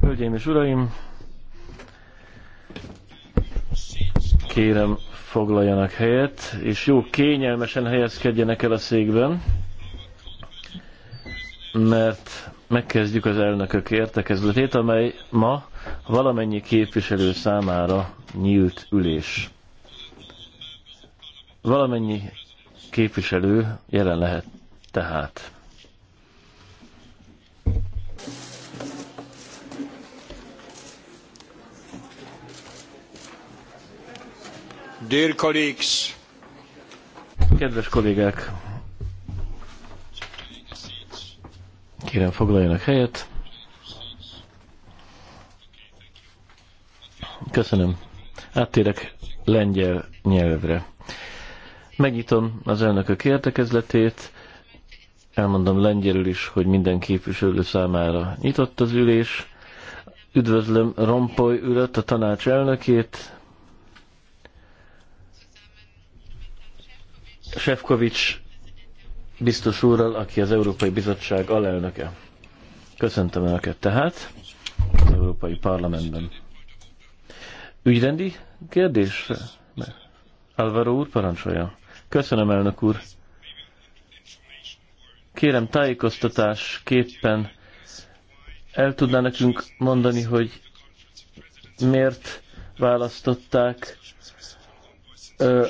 Hölgyeim és uraim, kérem foglaljanak helyet, és jó kényelmesen helyezkedjenek el a székben, mert megkezdjük az elnökök értekezletét, amely ma valamennyi képviselő számára nyílt ülés. Valamennyi képviselő jelen lehet tehát. Dear colleagues. Kedves kollégák! Kérem foglaljanak helyet. Köszönöm. Áttérek lengyel nyelvre. Megnyitom az elnökök értekezletét. Elmondom lengyelül is, hogy minden képviselő számára nyitott az ülés. Üdvözlöm Rompoy ülött, a tanács elnökét, Sefkovics biztos úrral, aki az Európai Bizottság alelnöke. Köszöntöm Önöket tehát az Európai Parlamentben. Ügyrendi kérdés? Álvaro úr parancsolja. Köszönöm, elnök úr. Kérem tájékoztatásképpen el tudná nekünk mondani, hogy miért választották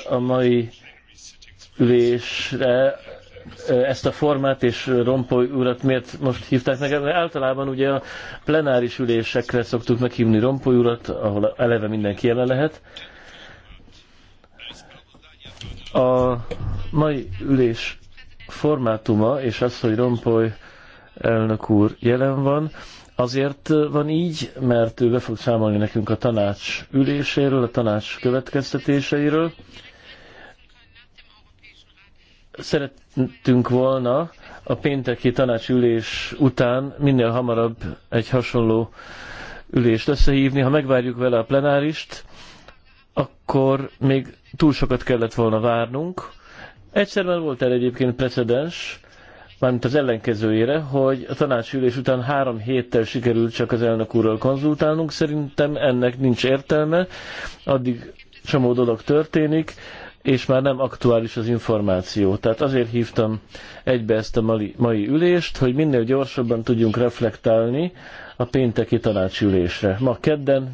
a mai ülésre ezt a formát és Rompoy urat miért most hívták meg? Általában ugye a plenáris ülésekre szoktuk meghívni Rompoy urat, ahol eleve mindenki jelen lehet. A mai ülés formátuma és az, hogy Rompoly elnök úr jelen van, azért van így, mert ő be fog számolni nekünk a tanács üléséről, a tanács következtetéseiről, szerettünk volna a pénteki tanácsülés után minél hamarabb egy hasonló ülést összehívni. Ha megvárjuk vele a plenárist, akkor még túl sokat kellett volna várnunk. Egyszer már volt el egyébként precedens, mármint az ellenkezőjére, hogy a tanácsülés után három héttel sikerült csak az elnök úrral konzultálnunk. Szerintem ennek nincs értelme, addig csomó dolog történik és már nem aktuális az információ. Tehát azért hívtam egybe ezt a mai, ülést, hogy minél gyorsabban tudjunk reflektálni a pénteki tanácsülésre. Ma kedden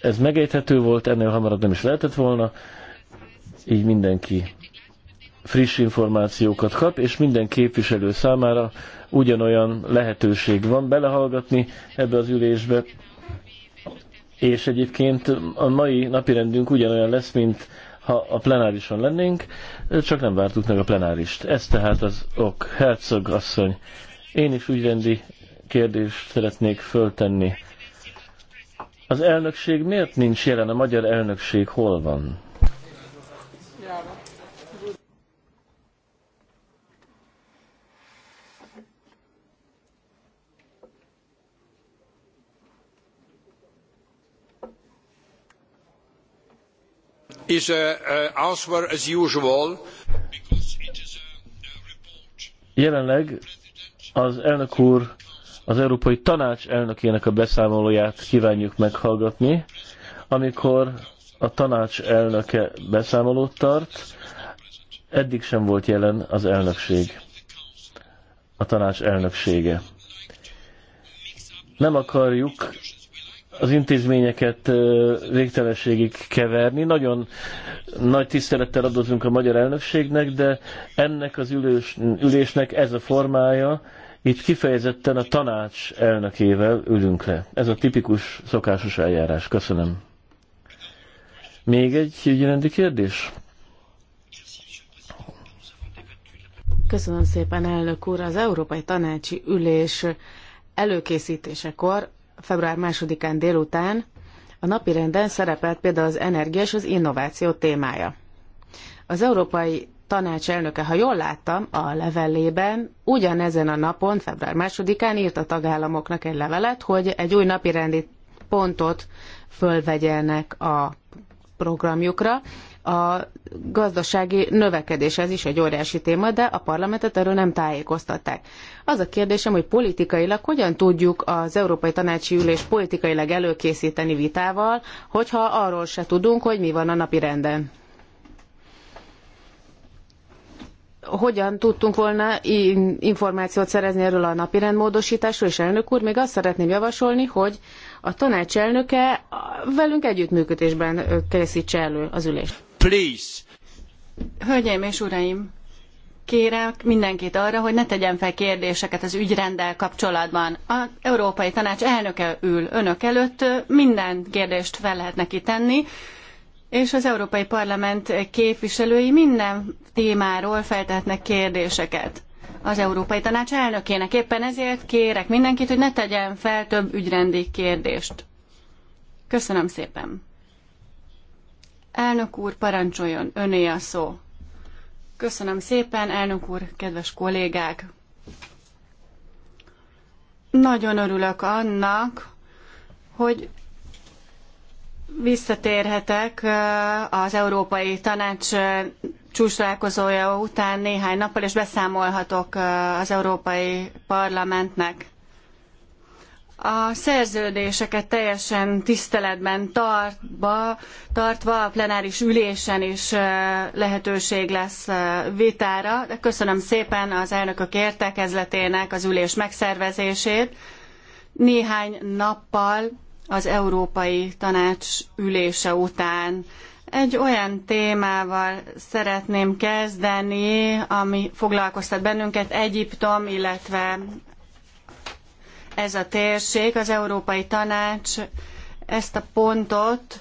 ez megejthető volt, ennél hamarabb nem is lehetett volna, így mindenki friss információkat kap, és minden képviselő számára ugyanolyan lehetőség van belehallgatni ebbe az ülésbe, és egyébként a mai napirendünk ugyanolyan lesz, mint ha a plenárison lennénk, csak nem vártuk meg a plenárist. Ez tehát az ok. Herzog asszony, én is ügyrendi kérdést szeretnék föltenni. Az elnökség miért nincs jelen? A magyar elnökség hol van? is an uh, uh, answer as usual. Jelenleg az elnök úr az Európai Tanács elnökének a beszámolóját kívánjuk meghallgatni. Amikor a tanács elnöke beszámolót tart, eddig sem volt jelen az elnökség, a tanács elnöksége. Nem akarjuk az intézményeket végtelenségig keverni. Nagyon nagy tisztelettel adozunk a magyar elnökségnek, de ennek az ülős, ülésnek ez a formája, itt kifejezetten a tanács elnökével ülünk le. Ez a tipikus, szokásos eljárás. Köszönöm. Még egy ügyrendi kérdés? Köszönöm szépen, elnök úr. Az Európai Tanácsi Ülés előkészítésekor február másodikán délután a napirenden szerepelt például az energia és az innováció témája. Az Európai Tanács elnöke, ha jól láttam, a levelében ugyanezen a napon, február másodikán írt a tagállamoknak egy levelet, hogy egy új napirendi pontot fölvegyenek a programjukra, a gazdasági növekedés, ez is egy óriási téma, de a parlamentet erről nem tájékoztatták. Az a kérdésem, hogy politikailag hogyan tudjuk az Európai Tanácsi Ülés politikailag előkészíteni vitával, hogyha arról se tudunk, hogy mi van a napi renden. hogyan tudtunk volna információt szerezni erről a napirend rendmódosításról, és elnök úr, még azt szeretném javasolni, hogy a tanács elnöke velünk együttműködésben készítse elő az ülést. Hölgyeim és uraim, kérek mindenkit arra, hogy ne tegyen fel kérdéseket az ügyrenddel kapcsolatban. Az Európai Tanács elnöke ül önök előtt, minden kérdést fel lehet neki tenni, és az Európai Parlament képviselői minden témáról feltehetnek kérdéseket az Európai Tanács elnökének. Éppen ezért kérek mindenkit, hogy ne tegyen fel több ügyrendi kérdést. Köszönöm szépen! Elnök úr, parancsoljon, öné a szó. Köszönöm szépen, elnök úr, kedves kollégák! Nagyon örülök annak, hogy visszatérhetek az Európai Tanács csúcstalálkozója után néhány nappal, és beszámolhatok az Európai Parlamentnek a szerződéseket teljesen tiszteletben tartva, tartva a plenáris ülésen is lehetőség lesz vitára. De köszönöm szépen az elnökök értekezletének az ülés megszervezését. Néhány nappal az Európai Tanács ülése után egy olyan témával szeretném kezdeni, ami foglalkoztat bennünket, Egyiptom, illetve ez a térség, az Európai Tanács ezt a pontot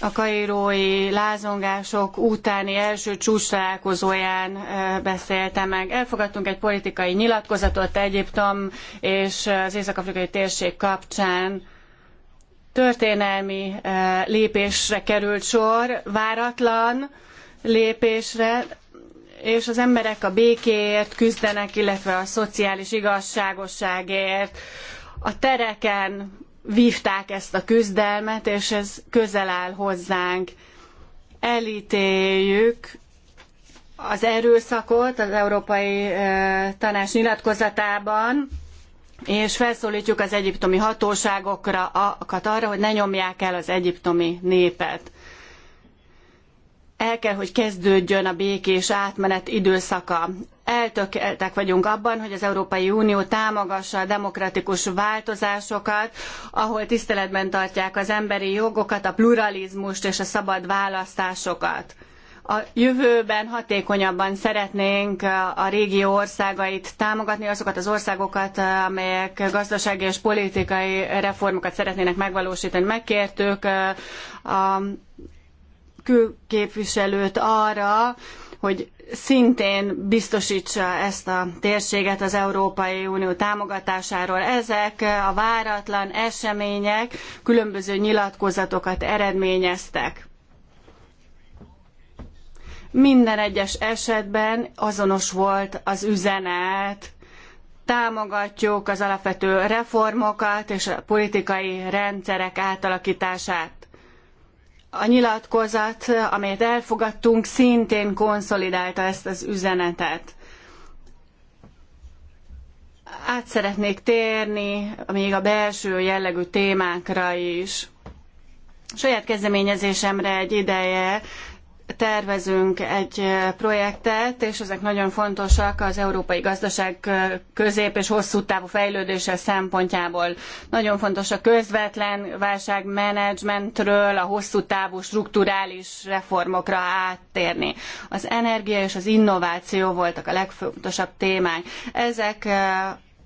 a kairói lázongások utáni első csúcstalálkozóján beszélte meg. Elfogadtunk egy politikai nyilatkozatot Egyiptom és az észak-afrikai térség kapcsán. Történelmi lépésre került sor, váratlan lépésre, és az emberek a békéért küzdenek, illetve a szociális igazságosságért. A tereken vívták ezt a küzdelmet, és ez közel áll hozzánk. Elítéljük az erőszakot az Európai Tanács nyilatkozatában, és felszólítjuk az egyiptomi hatóságokat arra, hogy ne nyomják el az egyiptomi népet el kell, hogy kezdődjön a békés átmenet időszaka. Eltökeltek vagyunk abban, hogy az Európai Unió támogassa a demokratikus változásokat, ahol tiszteletben tartják az emberi jogokat, a pluralizmust és a szabad választásokat. A jövőben hatékonyabban szeretnénk a régió országait támogatni, azokat az országokat, amelyek gazdasági és politikai reformokat szeretnének megvalósítani. Megkértük a külképviselőt arra, hogy szintén biztosítsa ezt a térséget az Európai Unió támogatásáról. Ezek a váratlan események különböző nyilatkozatokat eredményeztek. Minden egyes esetben azonos volt az üzenet, támogatjuk az alapvető reformokat és a politikai rendszerek átalakítását a nyilatkozat, amelyet elfogadtunk, szintén konszolidálta ezt az üzenetet. Át szeretnék térni még a belső jellegű témákra is. Saját kezdeményezésemre egy ideje tervezünk egy projektet, és ezek nagyon fontosak az európai gazdaság közép és hosszú távú fejlődése szempontjából. Nagyon fontos a közvetlen válságmenedzsmentről a hosszú távú strukturális reformokra áttérni. Az energia és az innováció voltak a legfontosabb témák. Ezek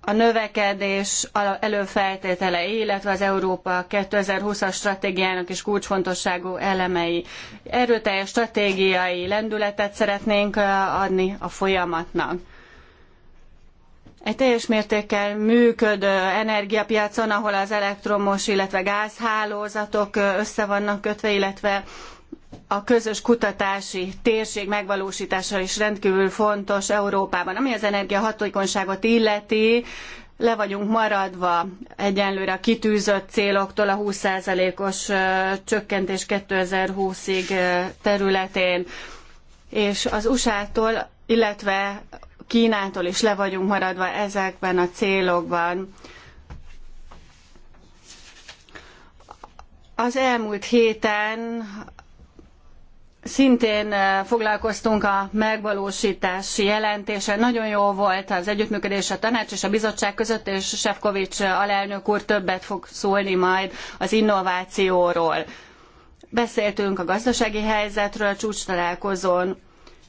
a növekedés előfeltételei illetve az Európa 2020-as stratégiának is kulcsfontosságú elemei. Erőteljes stratégiai lendületet szeretnénk adni a folyamatnak. Egy teljes mértékkel működő energiapiacon, ahol az elektromos, illetve gázhálózatok össze vannak kötve, illetve a közös kutatási térség megvalósítása is rendkívül fontos Európában. Ami az energiahatékonyságot illeti, le vagyunk maradva egyenlőre a kitűzött céloktól a 20%-os csökkentés 2020-ig területén, és az USA-tól, illetve Kínától is le vagyunk maradva ezekben a célokban. Az elmúlt héten Szintén eh, foglalkoztunk a megvalósítási jelentése. Nagyon jó volt az együttműködés a tanács és a bizottság között, és Sefkovics alelnök úr többet fog szólni majd az innovációról. Beszéltünk a gazdasági helyzetről csúcstalálkozón.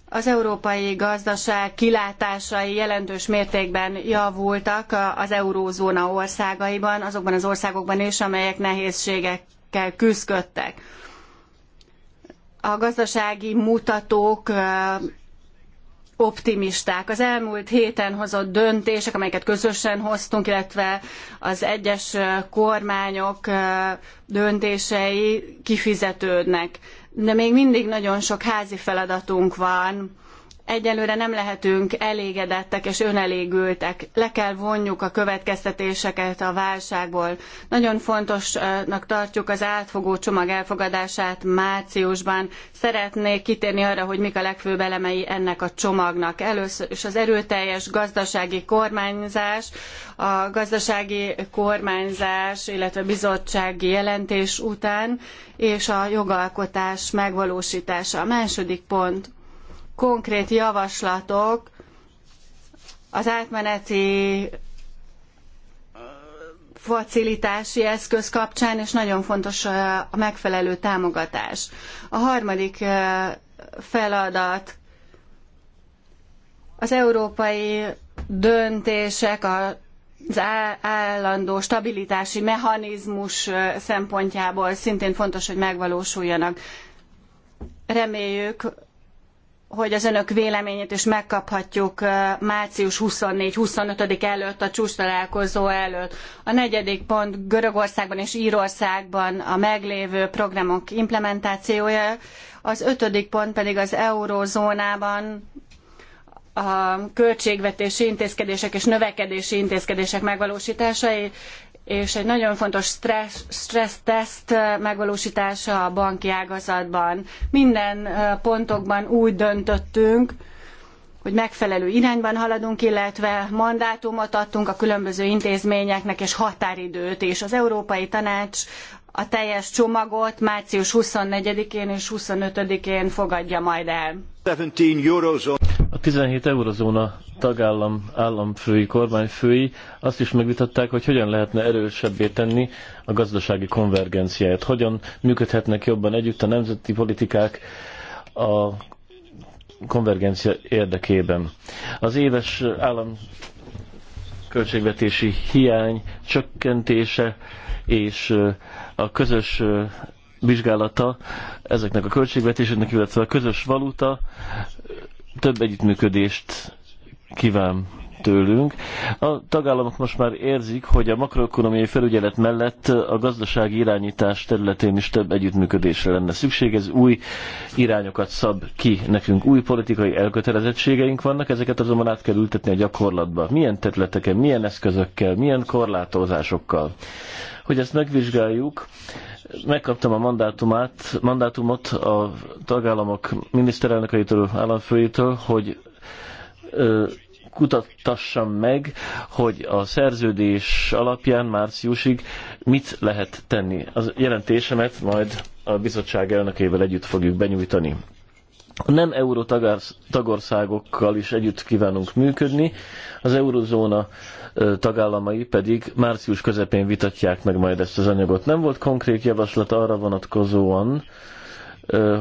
Az európai gazdaság kilátásai jelentős mértékben javultak az eurózóna országaiban, azokban az országokban is, amelyek nehézségekkel küzdködtek a gazdasági mutatók optimisták. Az elmúlt héten hozott döntések, amelyeket közösen hoztunk, illetve az egyes kormányok döntései kifizetődnek. De még mindig nagyon sok házi feladatunk van egyelőre nem lehetünk elégedettek és önelégültek. Le kell vonjuk a következtetéseket a válságból. Nagyon fontosnak tartjuk az átfogó csomag elfogadását márciusban. Szeretnék kitérni arra, hogy mik a legfőbb elemei ennek a csomagnak. Először is az erőteljes gazdasági kormányzás, a gazdasági kormányzás, illetve bizottsági jelentés után, és a jogalkotás megvalósítása. A második pont konkrét javaslatok az átmeneti facilitási eszköz kapcsán, és nagyon fontos a megfelelő támogatás. A harmadik feladat az európai döntések az állandó stabilitási mechanizmus szempontjából szintén fontos, hogy megvalósuljanak. Reméljük, hogy az önök véleményét is megkaphatjuk március 24-25 előtt, a csúcstalálkozó előtt. A negyedik pont Görögországban és Írországban a meglévő programok implementációja, az ötödik pont pedig az eurózónában a költségvetési intézkedések és növekedési intézkedések megvalósításai, és egy nagyon fontos stressz, stressz teszt megvalósítása a banki ágazatban. Minden pontokban úgy döntöttünk, hogy megfelelő irányban haladunk, illetve mandátumot adtunk a különböző intézményeknek és határidőt, és az Európai Tanács a teljes csomagot március 24-én és 25-én fogadja majd el. 17 eurozone. A 17 eurozóna tagállam államfői, kormányfői azt is megvitatták, hogy hogyan lehetne erősebbé tenni a gazdasági konvergenciáját, hogyan működhetnek jobban együtt a nemzeti politikák a konvergencia érdekében. Az éves állam költségvetési hiány csökkentése és a közös vizsgálata ezeknek a költségvetéseknek, illetve a közös valuta több együttműködést kíván tőlünk. A tagállamok most már érzik, hogy a makroekonomiai felügyelet mellett a gazdasági irányítás területén is több együttműködésre lenne szükség. Ez új irányokat szab ki nekünk. Új politikai elkötelezettségeink vannak, ezeket azonban át kell ültetni a gyakorlatba. Milyen területeken, milyen eszközökkel, milyen korlátozásokkal. Hogy ezt megvizsgáljuk, megkaptam a mandátumát, mandátumot a tagállamok miniszterelnökeitől, államfőjétől, hogy ö, kutattassam meg, hogy a szerződés alapján márciusig mit lehet tenni. Az jelentésemet majd a bizottság elnökével együtt fogjuk benyújtani. A nem euró tagországokkal is együtt kívánunk működni. Az eurozóna tagállamai pedig március közepén vitatják meg majd ezt az anyagot. Nem volt konkrét javaslat arra vonatkozóan,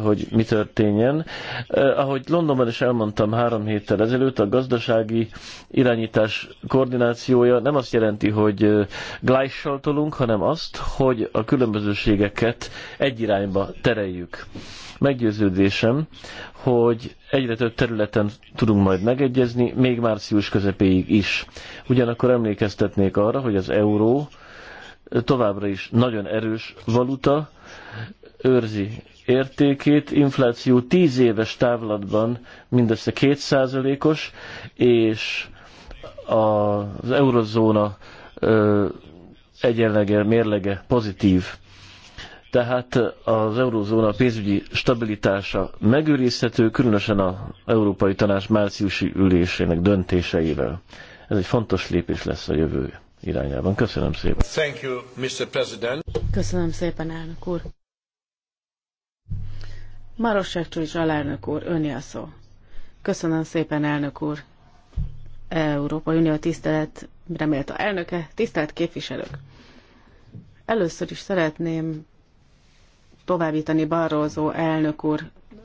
hogy mi történjen. Ahogy Londonban is elmondtam három héttel ezelőtt, a gazdasági irányítás koordinációja nem azt jelenti, hogy glájssal tolunk, hanem azt, hogy a különbözőségeket egy irányba tereljük. Meggyőződésem, hogy egyre több területen tudunk majd megegyezni, még március közepéig is. Ugyanakkor emlékeztetnék arra, hogy az euró továbbra is nagyon erős valuta, őrzi értékét, infláció 10 éves távlatban mindössze 2%-os, és az eurozóna egyenlege, mérlege pozitív. Tehát az eurózóna pénzügyi stabilitása megőrizhető, különösen az Európai Tanács márciusi ülésének döntéseivel. Ez egy fontos lépés lesz a jövő irányában. Köszönöm szépen. Thank you, Mr. President. Köszönöm szépen, elnök úr. Maros Sefcsovics alelnök úr, öné a szó. Köszönöm szépen, elnök úr. Európai Unió tisztelet, a elnöke, tisztelt képviselők. Először is szeretném továbbítani Barrózó elnök úr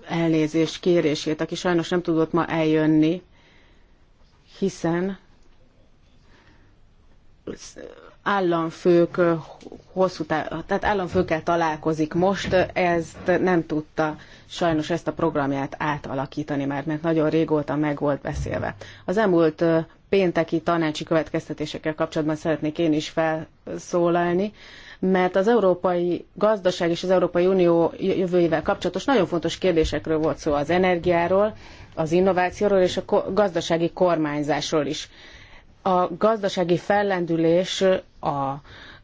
elnézés kérését, aki sajnos nem tudott ma eljönni, hiszen államfők hosszú tá- tehát államfőkkel találkozik most, ezt nem tudta sajnos ezt a programját átalakítani már, mert nagyon régóta meg volt beszélve. Az elmúlt pénteki tanácsi következtetésekkel kapcsolatban szeretnék én is felszólalni mert az európai gazdaság és az Európai Unió jövőjével kapcsolatos nagyon fontos kérdésekről volt szó, az energiáról, az innovációról és a gazdasági kormányzásról is. A gazdasági fellendülés, a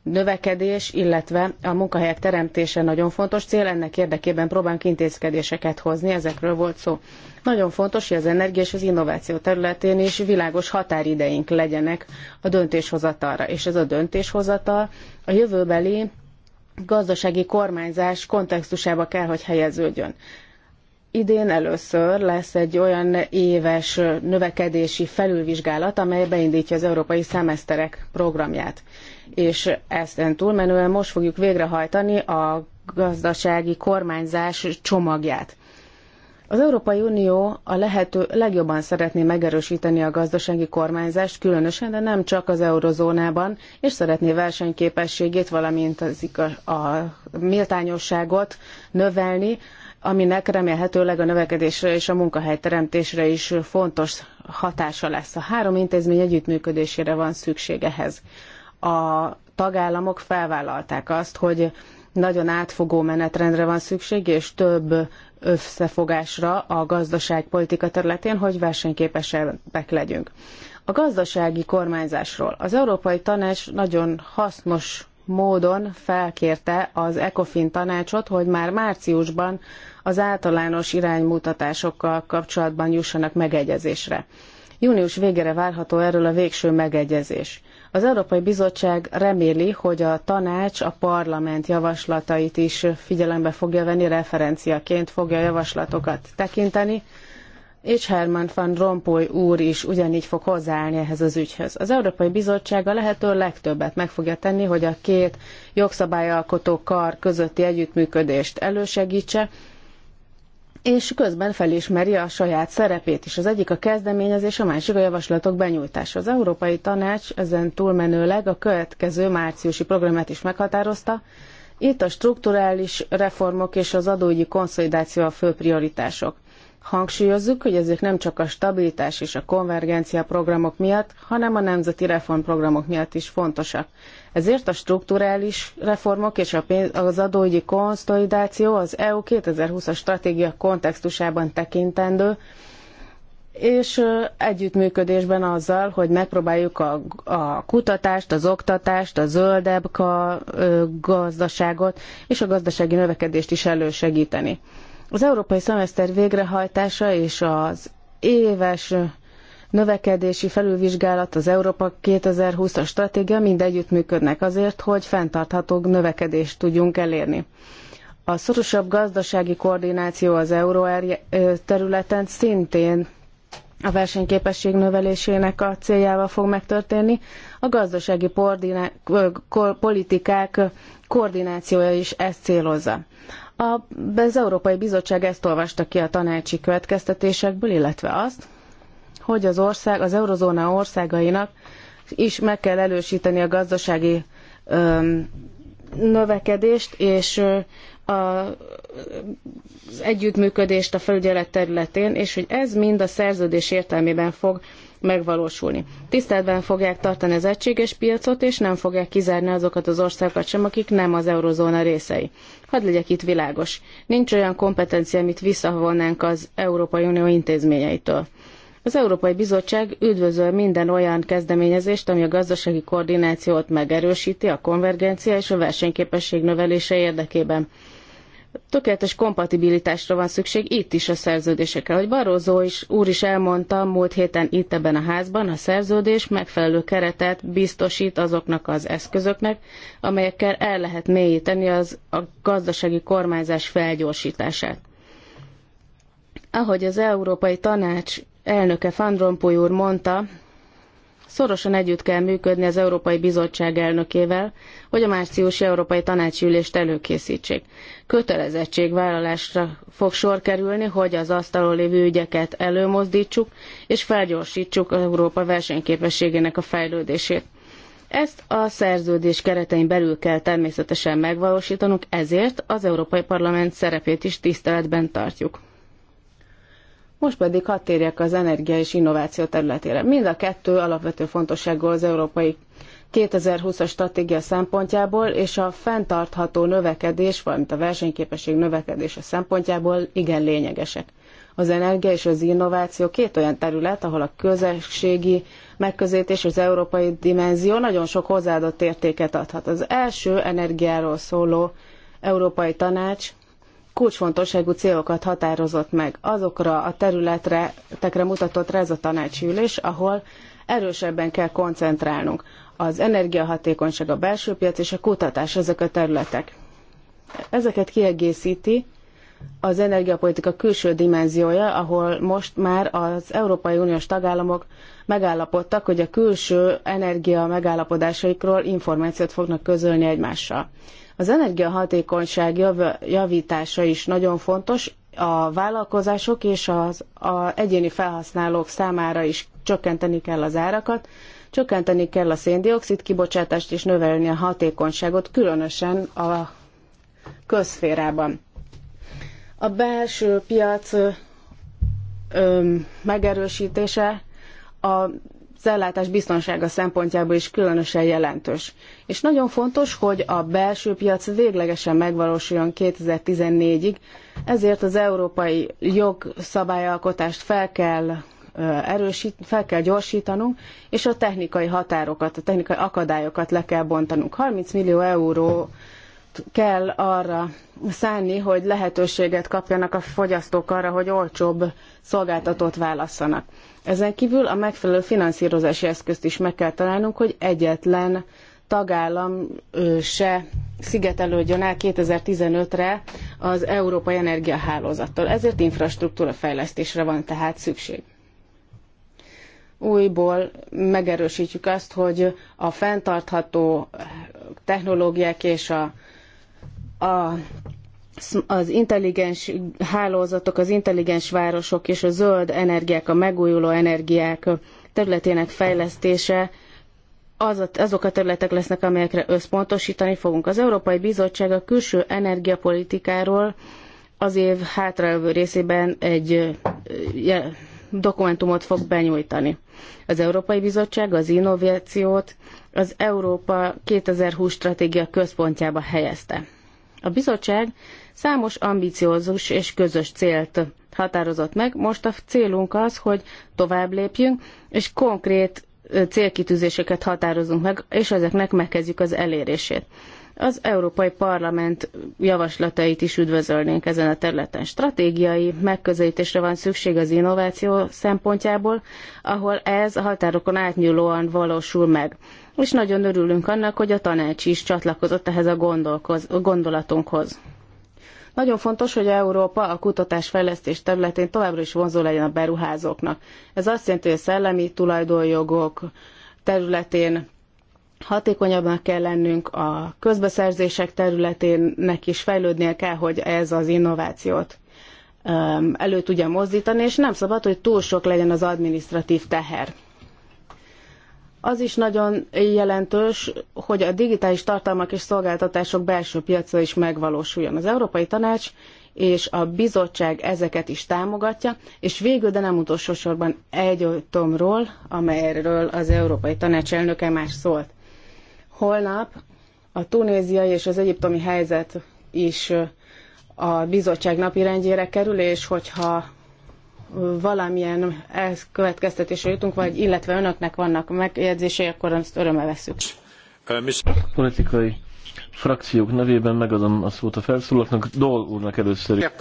növekedés, illetve a munkahelyek teremtése nagyon fontos cél, ennek érdekében próbálunk intézkedéseket hozni, ezekről volt szó. Nagyon fontos, hogy az energia és az innováció területén is világos határideink legyenek a döntéshozatalra, és ez a döntéshozatal a jövőbeli gazdasági kormányzás kontextusába kell, hogy helyeződjön. Idén először lesz egy olyan éves növekedési felülvizsgálat, amely beindítja az európai szemeszterek programját. És ezt túlmenően most fogjuk végrehajtani a gazdasági kormányzás csomagját. Az Európai Unió a lehető legjobban szeretné megerősíteni a gazdasági kormányzást, különösen, de nem csak az eurozónában, és szeretné versenyképességét, valamint az, a, a méltányosságot növelni, aminek remélhetőleg a növekedésre és a munkahelyteremtésre is fontos hatása lesz. A három intézmény együttműködésére van szükség ehhez. A tagállamok felvállalták azt, hogy nagyon átfogó menetrendre van szükség, és több összefogásra a gazdaságpolitika területén, hogy versenyképesebbek legyünk. A gazdasági kormányzásról. Az Európai Tanács nagyon hasznos módon felkérte az ECOFIN tanácsot, hogy már márciusban az általános iránymutatásokkal kapcsolatban jussanak megegyezésre. Június végére várható erről a végső megegyezés. Az Európai Bizottság reméli, hogy a tanács a parlament javaslatait is figyelembe fogja venni, referenciaként fogja a javaslatokat tekinteni, és Herman van Rompuy úr is ugyanígy fog hozzáállni ehhez az ügyhöz. Az Európai Bizottság a lehető legtöbbet meg fogja tenni, hogy a két jogszabályalkotó kar közötti együttműködést elősegítse, és közben felismeri a saját szerepét is. Az egyik a kezdeményezés, a másik a javaslatok benyújtása. Az Európai Tanács ezen túlmenőleg a következő márciusi programát is meghatározta. Itt a strukturális reformok és az adóügyi konszolidáció a fő prioritások. Hangsúlyozzuk, hogy ezek nem csak a stabilitás és a konvergencia programok miatt, hanem a nemzeti reformprogramok miatt is fontosak. Ezért a strukturális reformok és az adóügyi konszolidáció az EU 2020-as stratégia kontextusában tekintendő, és együttműködésben azzal, hogy megpróbáljuk a, a kutatást, az oktatást, a zöldebb gazdaságot és a gazdasági növekedést is elősegíteni. Az európai szemeszter végrehajtása és az éves növekedési felülvizsgálat, az Európa 2020-as stratégia mind együttműködnek azért, hogy fenntartható növekedést tudjunk elérni. A szorosabb gazdasági koordináció az euró területen szintén a versenyképesség növelésének a céljával fog megtörténni. A gazdasági politikák koordinációja is ezt célozza. A, az Európai Bizottság ezt olvasta ki a tanácsi következtetésekből, illetve azt, hogy az ország, az eurozóna országainak is meg kell elősíteni a gazdasági öm, növekedést, és a, az együttműködést a felügyelet területén, és hogy ez mind a szerződés értelmében fog megvalósulni. Tiszteletben fogják tartani az egységes piacot, és nem fogják kizárni azokat az országokat sem, akik nem az eurozóna részei. Hadd legyek itt világos. Nincs olyan kompetencia, amit visszavonnánk az Európai Unió intézményeitől. Az Európai Bizottság üdvözöl minden olyan kezdeményezést, ami a gazdasági koordinációt megerősíti a konvergencia és a versenyképesség növelése érdekében. Tökéletes kompatibilitásra van szükség itt is a szerződésekre. Hogy Barózó is, úr is elmondta múlt héten itt ebben a házban, a szerződés megfelelő keretet biztosít azoknak az eszközöknek, amelyekkel el lehet mélyíteni az, a gazdasági kormányzás felgyorsítását ahogy az Európai Tanács elnöke Van Rompuy úr mondta, szorosan együtt kell működni az Európai Bizottság elnökével, hogy a márciusi Európai Tanácsi Ülést előkészítsék. Kötelezettségvállalásra fog sor kerülni, hogy az asztalon lévő ügyeket előmozdítsuk, és felgyorsítsuk az Európa versenyképességének a fejlődését. Ezt a szerződés keretein belül kell természetesen megvalósítanunk, ezért az Európai Parlament szerepét is tiszteletben tartjuk. Most pedig hadd térjek az energia és innováció területére. Mind a kettő alapvető fontosságú az európai 2020-as stratégia szempontjából és a fenntartható növekedés, valamint a versenyképesség növekedése szempontjából igen lényegesek. Az energia és az innováció két olyan terület, ahol a közösségi megközelítés, az európai dimenzió nagyon sok hozzáadott értéket adhat. Az első energiáról szóló Európai Tanács kulcsfontosságú célokat határozott meg. Azokra a területre tekre mutatott rá ez a tanácsülés, ahol erősebben kell koncentrálnunk. Az energiahatékonyság, a belső piac és a kutatás ezek a területek. Ezeket kiegészíti az energiapolitika külső dimenziója, ahol most már az Európai Uniós tagállamok megállapodtak, hogy a külső energia megállapodásaikról információt fognak közölni egymással. Az energiahatékonyság jav, javítása is nagyon fontos, a vállalkozások és az a egyéni felhasználók számára is csökkenteni kell az árakat, csökkenteni kell a széndiokszid kibocsátást és növelni a hatékonyságot, különösen a közférában. A belső piac ö, megerősítése a az ellátás biztonsága szempontjából is különösen jelentős. És nagyon fontos, hogy a belső piac véglegesen megvalósuljon 2014-ig, ezért az európai jogszabályalkotást fel kell erősít, fel kell gyorsítanunk, és a technikai határokat, a technikai akadályokat le kell bontanunk. 30 millió euró kell arra szánni, hogy lehetőséget kapjanak a fogyasztók arra, hogy olcsóbb szolgáltatót válasszanak. Ezen kívül a megfelelő finanszírozási eszközt is meg kell találnunk, hogy egyetlen tagállam se szigetelődjön el 2015-re az Európai Energiahálózattól. Ezért infrastruktúra fejlesztésre van tehát szükség. Újból megerősítjük azt, hogy a fenntartható technológiák és a, a az intelligens hálózatok, az intelligens városok és a zöld energiák, a megújuló energiák területének fejlesztése az, azok a területek lesznek, amelyekre összpontosítani fogunk. Az Európai Bizottság a külső energiapolitikáról az év hátralévő részében egy dokumentumot fog benyújtani. Az Európai Bizottság az innovációt az Európa 2020 stratégia központjába helyezte. A bizottság Számos ambiciózus és közös célt határozott meg. Most a célunk az, hogy tovább lépjünk, és konkrét célkitűzéseket határozunk meg, és ezeknek megkezdjük az elérését. Az Európai Parlament javaslatait is üdvözölnénk ezen a területen. Stratégiai megközelítésre van szükség az innováció szempontjából, ahol ez a határokon átnyúlóan valósul meg. És nagyon örülünk annak, hogy a tanács is csatlakozott ehhez a gondolatunkhoz. Nagyon fontos, hogy Európa a kutatásfejlesztés területén továbbra is vonzó legyen a beruházóknak. Ez azt jelenti, hogy a szellemi tulajdonjogok területén hatékonyabbnak kell lennünk, a közbeszerzések területén is fejlődnie kell, hogy ez az innovációt um, elő tudja mozdítani, és nem szabad, hogy túl sok legyen az administratív teher. Az is nagyon jelentős, hogy a digitális tartalmak és szolgáltatások belső piaca is megvalósuljon. Az Európai Tanács és a bizottság ezeket is támogatja, és végül, de nem utolsó sorban egy tomról, amelyről az Európai Tanács elnöke más szólt. Holnap a tunéziai és az egyiptomi helyzet is a bizottság napirendjére kerül, és hogyha valamilyen következtetésre jutunk, vagy illetve önöknek vannak megjegyzései, akkor azt örömmel veszük. Uh, Politikai frakciók nevében megadom a szót a felszólalóknak. Dol úrnak először.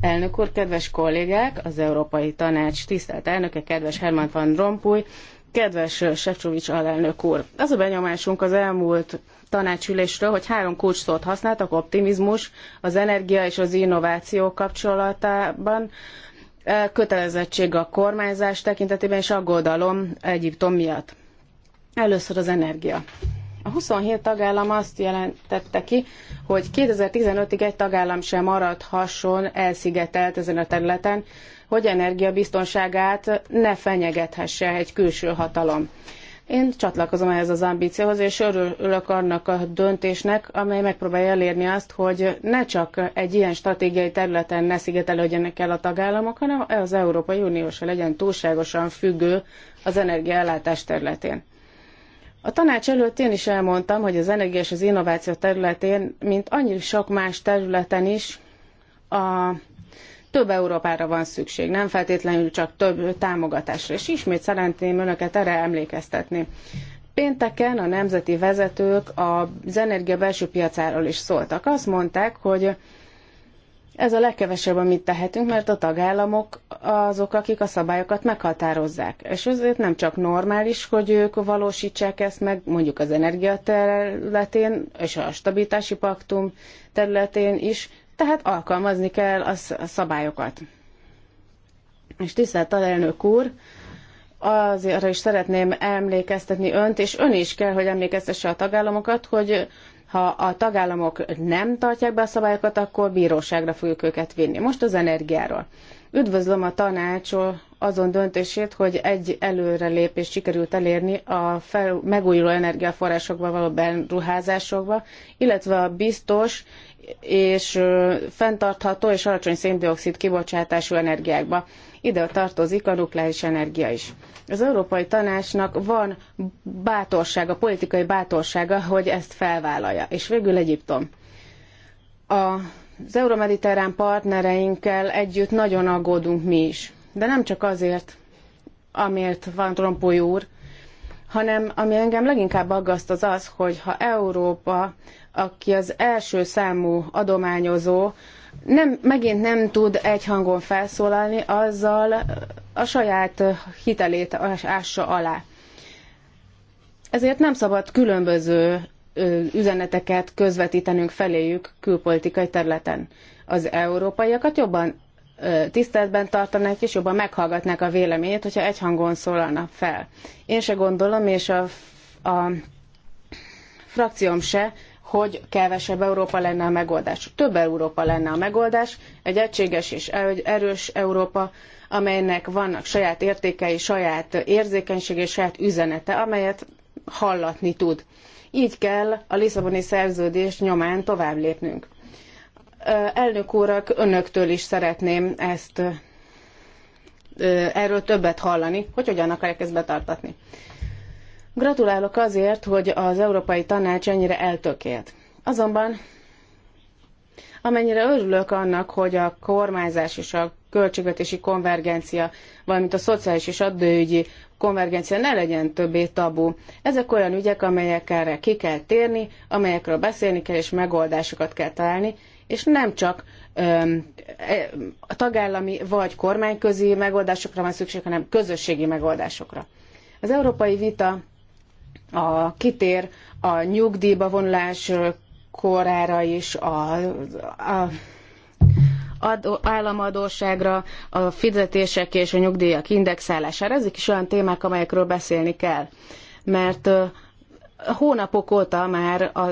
Elnök úr, kedves kollégák, az Európai Tanács tisztelt elnöke, kedves Herman van Rompuy, kedves Sefcsovics alelnök úr. Az a benyomásunk az elmúlt tanácsülésről, hogy három kulcsszót szót használtak, optimizmus, az energia és az innováció kapcsolatában, kötelezettség a kormányzás tekintetében és aggodalom Egyiptom miatt. Először az energia. A 27 tagállam azt jelentette ki, hogy 2015-ig egy tagállam sem maradhasson elszigetelt ezen a területen, hogy energiabiztonságát ne fenyegethesse egy külső hatalom. Én csatlakozom ehhez az ambícióhoz, és örülök annak a döntésnek, amely megpróbálja elérni azt, hogy ne csak egy ilyen stratégiai területen ne szigetelődjenek el a tagállamok, hanem az Európai Unió se legyen túlságosan függő az energiaellátás területén. A tanács előtt én is elmondtam, hogy az energia és az innováció területén, mint annyi sok más területen is, a több Európára van szükség, nem feltétlenül csak több támogatásra. És ismét szeretném önöket erre emlékeztetni. Pénteken a nemzeti vezetők az energia belső piacáról is szóltak. Azt mondták, hogy ez a legkevesebb, amit tehetünk, mert a tagállamok azok, akik a szabályokat meghatározzák. És ezért nem csak normális, hogy ők valósítsák ezt meg mondjuk az energia területén és a stabilitási paktum területén is, tehát alkalmazni kell a szabályokat. És tisztelt alelnök úr, azért is szeretném emlékeztetni önt, és ön is kell, hogy emlékeztesse a tagállamokat, hogy ha a tagállamok nem tartják be a szabályokat, akkor bíróságra fogjuk őket vinni. Most az energiáról. Üdvözlöm a tanácsot azon döntését, hogy egy előrelépést sikerült elérni a fel, megújuló energiaforrásokba való beruházásokba, illetve a biztos és fenntartható és alacsony széndiokszid kibocsátású energiákba. Ide tartozik a nukleáris energia is. Az Európai Tanácsnak van bátorsága, politikai bátorsága, hogy ezt felvállalja. És végül Egyiptom. A az euromediterrán partnereinkkel együtt nagyon aggódunk mi is. De nem csak azért, amiért Van Trompói úr, hanem ami engem leginkább aggaszt az az, hogy ha Európa, aki az első számú adományozó, nem, megint nem tud egy hangon felszólalni, azzal a saját hitelét ássa alá. Ezért nem szabad különböző üzeneteket közvetítenünk feléjük külpolitikai területen. Az európaiakat jobban tiszteletben tartanák és jobban meghallgatnák a véleményét, hogyha egyhangon szólalna fel. Én se gondolom, és a, a frakcióm se, hogy kevesebb Európa lenne a megoldás. Több Európa lenne a megoldás, egy egységes és erős Európa, amelynek vannak saját értékei, saját érzékenysége és saját üzenete, amelyet hallatni tud. Így kell a Lisszaboni szerződés nyomán tovább lépnünk. Elnök úrak, önöktől is szeretném ezt erről többet hallani, hogy hogyan akarják ezt betartatni. Gratulálok azért, hogy az Európai Tanács ennyire eltökélt. Azonban amennyire örülök annak, hogy a kormányzás és a költségvetési konvergencia, valamint a szociális és adóügyi konvergencia ne legyen többé tabu. Ezek olyan ügyek, amelyekre ki kell térni, amelyekről beszélni kell és megoldásokat kell találni, és nem csak e, a tagállami vagy kormányközi megoldásokra van szükség, hanem közösségi megoldásokra. Az európai vita a, kitér a nyugdíjba vonulás korára is, a, a adó, államadóságra, a fizetések és a nyugdíjak indexálására. Ezek is olyan témák, amelyekről beszélni kell. Mert hónapok óta már a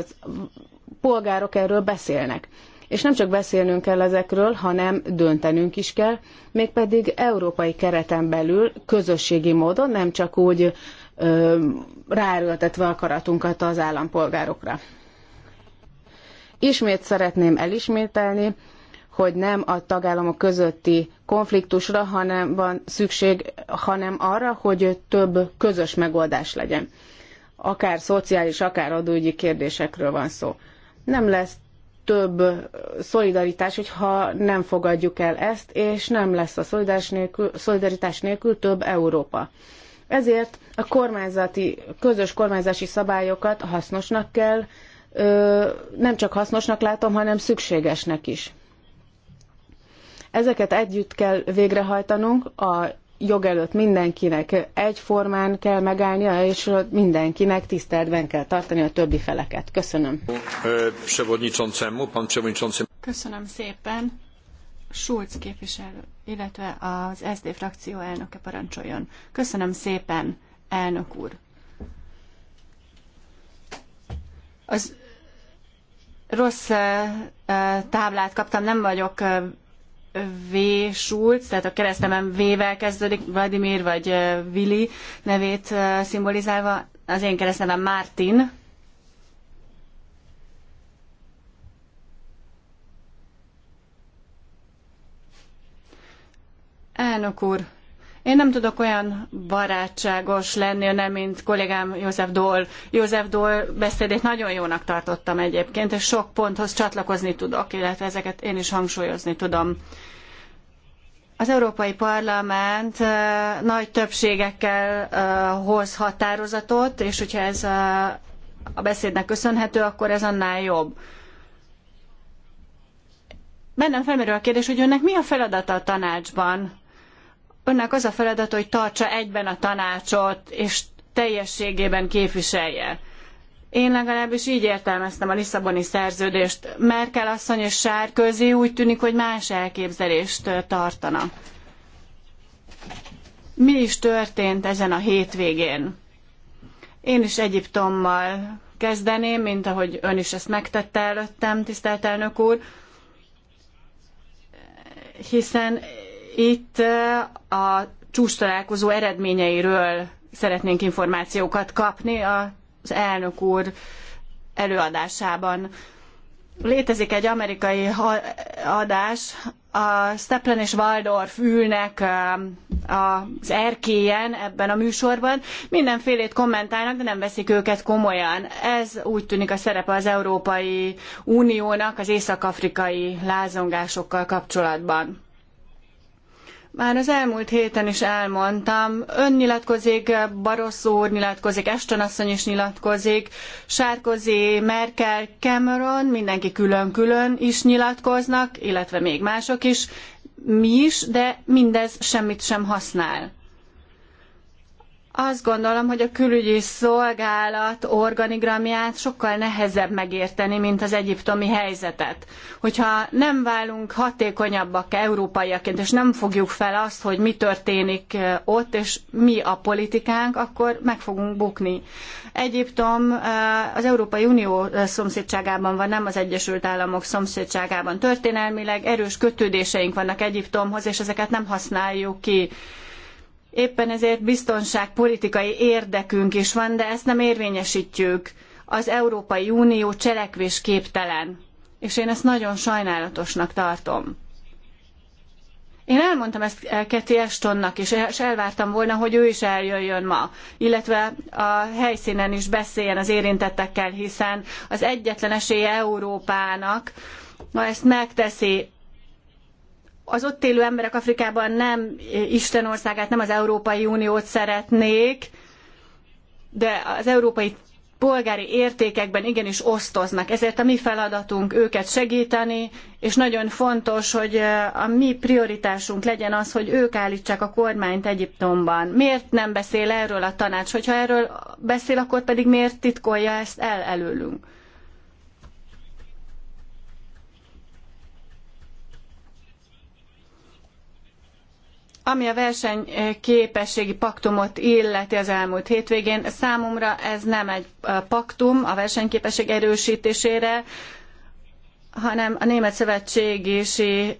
polgárok erről beszélnek. És nem csak beszélnünk kell ezekről, hanem döntenünk is kell, mégpedig európai kereten belül, közösségi módon, nem csak úgy ráerőltetve akaratunkat az állampolgárokra. Ismét szeretném elismételni, hogy nem a tagállamok közötti konfliktusra hanem van szükség, hanem arra, hogy több közös megoldás legyen. Akár szociális, akár adóügyi kérdésekről van szó. Nem lesz több szolidaritás, hogyha nem fogadjuk el ezt, és nem lesz a szolidaritás nélkül, szolidaritás nélkül több Európa. Ezért a kormányzati, közös kormányzási szabályokat hasznosnak kell, nem csak hasznosnak látom, hanem szükségesnek is. Ezeket együtt kell végrehajtanunk a jog előtt mindenkinek egyformán kell megállnia, és mindenkinek tiszteletben kell tartani a többi feleket. Köszönöm. Köszönöm szépen. Schulz képviselő, illetve az SD frakció elnöke parancsoljon. Köszönöm szépen, elnök úr. Az rossz táblát kaptam, nem vagyok V. Schulz, tehát a keresztemen V-vel kezdődik, Vladimir vagy Vili nevét szimbolizálva, az én keresztnevem Martin, Elnök úr, én nem tudok olyan barátságos lenni, nem, mint kollégám József Dól. József Dól beszédét nagyon jónak tartottam egyébként, és sok ponthoz csatlakozni tudok, illetve ezeket én is hangsúlyozni tudom. Az Európai Parlament nagy többségekkel hoz határozatot, és hogyha ez a beszédnek köszönhető, akkor ez annál jobb. Bennem felmerül a kérdés, hogy önnek mi a feladata a tanácsban? önnek az a feladata, hogy tartsa egyben a tanácsot, és teljességében képviselje. Én legalábbis így értelmeztem a Lisszaboni szerződést. Merkel asszony és Sárközi úgy tűnik, hogy más elképzelést tartanak. Mi is történt ezen a hétvégén? Én is Egyiptommal kezdeném, mint ahogy ön is ezt megtette előttem, tisztelt elnök úr, hiszen itt a csúcs találkozó eredményeiről szeretnénk információkat kapni az elnök úr előadásában. Létezik egy amerikai adás, a Steplen és Waldorf ülnek az erkélyen ebben a műsorban, mindenfélét kommentálnak, de nem veszik őket komolyan. Ez úgy tűnik a szerepe az Európai Uniónak az észak-afrikai lázongásokkal kapcsolatban. Már az elmúlt héten is elmondtam, ön nyilatkozik, Barroso úr nyilatkozik, Eston asszony is nyilatkozik, Sárkozi, Merkel, Cameron, mindenki külön-külön is nyilatkoznak, illetve még mások is, mi is, de mindez semmit sem használ. Azt gondolom, hogy a külügyi szolgálat organigramját sokkal nehezebb megérteni, mint az egyiptomi helyzetet. Hogyha nem válunk hatékonyabbak európaiaként, és nem fogjuk fel azt, hogy mi történik ott, és mi a politikánk, akkor meg fogunk bukni. Egyiptom az Európai Unió szomszédságában van, nem az Egyesült Államok szomszédságában. Történelmileg erős kötődéseink vannak Egyiptomhoz, és ezeket nem használjuk ki Éppen ezért biztonságpolitikai érdekünk is van, de ezt nem érvényesítjük. Az Európai Unió cselekvésképtelen. És én ezt nagyon sajnálatosnak tartom. Én elmondtam ezt Keti eh, Estonnak is, és elvártam volna, hogy ő is eljöjjön ma, illetve a helyszínen is beszéljen az érintettekkel, hiszen az egyetlen esélye Európának, ha ezt megteszi, az ott élő emberek Afrikában nem Isten országát, nem az Európai Uniót szeretnék, de az európai polgári értékekben igenis osztoznak. Ezért a mi feladatunk őket segíteni, és nagyon fontos, hogy a mi prioritásunk legyen az, hogy ők állítsák a kormányt Egyiptomban. Miért nem beszél erről a tanács? Hogyha erről beszél, akkor pedig miért titkolja ezt el előlünk? Ami a versenyképességi paktumot illeti az elmúlt hétvégén, számomra ez nem egy paktum a versenyképesség erősítésére, hanem a német szövetségési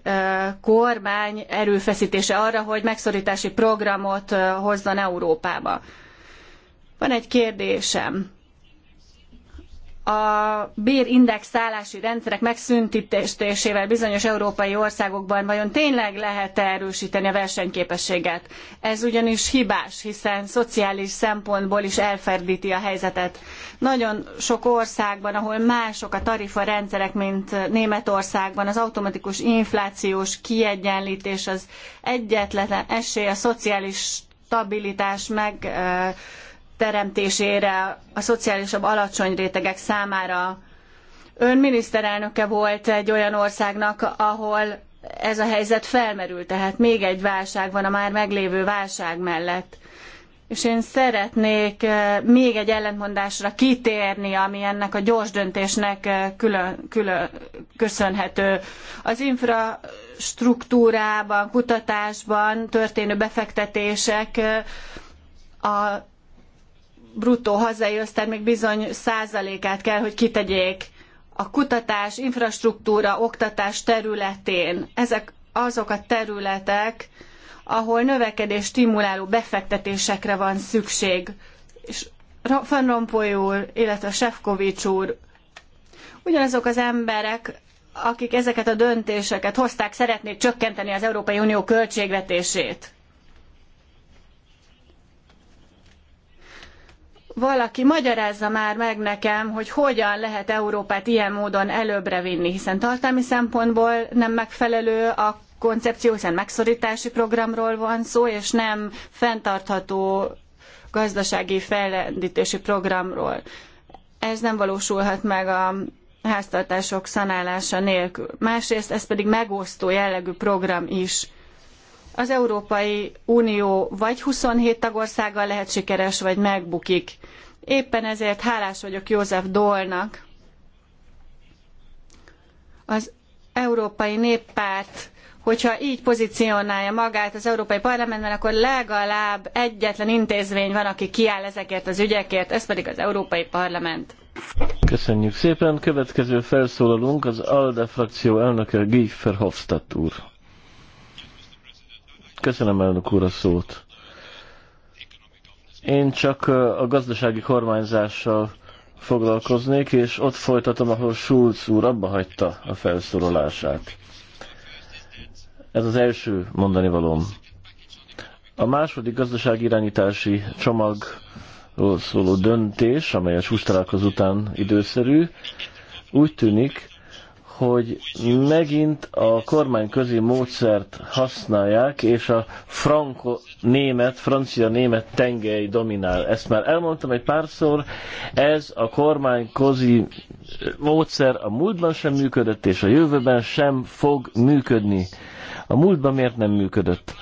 kormány erőfeszítése arra, hogy megszorítási programot hozzon Európába. Van egy kérdésem a bérindexálási rendszerek megszüntetésével bizonyos európai országokban vajon tényleg lehet -e erősíteni a versenyképességet? Ez ugyanis hibás, hiszen szociális szempontból is elferdíti a helyzetet. Nagyon sok országban, ahol mások a tarifa rendszerek, mint Németországban, az automatikus inflációs kiegyenlítés az egyetlen esély a szociális stabilitás meg teremtésére a szociálisabb alacsony rétegek számára. Ön miniszterelnöke volt egy olyan országnak, ahol ez a helyzet felmerült, tehát még egy válság van a már meglévő válság mellett. És én szeretnék eh, még egy ellentmondásra kitérni, ami ennek a gyors döntésnek eh, külön, külön köszönhető. Az infrastruktúrában, kutatásban történő befektetések eh, a bruttó hazai össztermék bizony százalékát kell, hogy kitegyék a kutatás, infrastruktúra, oktatás területén. Ezek azok a területek, ahol növekedés stimuláló befektetésekre van szükség. És Van Rompuy úr, illetve Sefcovics úr, ugyanazok az emberek, akik ezeket a döntéseket hozták, szeretnék csökkenteni az Európai Unió költségvetését. valaki magyarázza már meg nekem, hogy hogyan lehet Európát ilyen módon előbbre vinni, hiszen tartalmi szempontból nem megfelelő a koncepció, hiszen megszorítási programról van szó, és nem fenntartható gazdasági fejlendítési programról. Ez nem valósulhat meg a háztartások szanálása nélkül. Másrészt ez pedig megosztó jellegű program is az Európai Unió vagy 27 tagországgal lehet sikeres, vagy megbukik. Éppen ezért hálás vagyok József Dolnak, az Európai Néppárt hogyha így pozícionálja magát az Európai Parlamentben, akkor legalább egyetlen intézmény van, aki kiáll ezekért az ügyekért, ez pedig az Európai Parlament. Köszönjük szépen. Következő felszólalunk az ALDE frakció elnöke Guy Verhofstadt úr. Köszönöm elnök úr a szót. Én csak a gazdasági kormányzással foglalkoznék, és ott folytatom, ahol Schulz úr abba hagyta a felszólalását. Ez az első mondani valóm. A második irányítási csomagról szóló döntés, amely a csúcstalálkozó után időszerű, úgy tűnik, hogy megint a kormányközi módszert használják, és a franco-német, francia-német tengely dominál. Ezt már elmondtam egy párszor, ez a kormányközi módszer a múltban sem működött, és a jövőben sem fog működni. A múltban miért nem működött?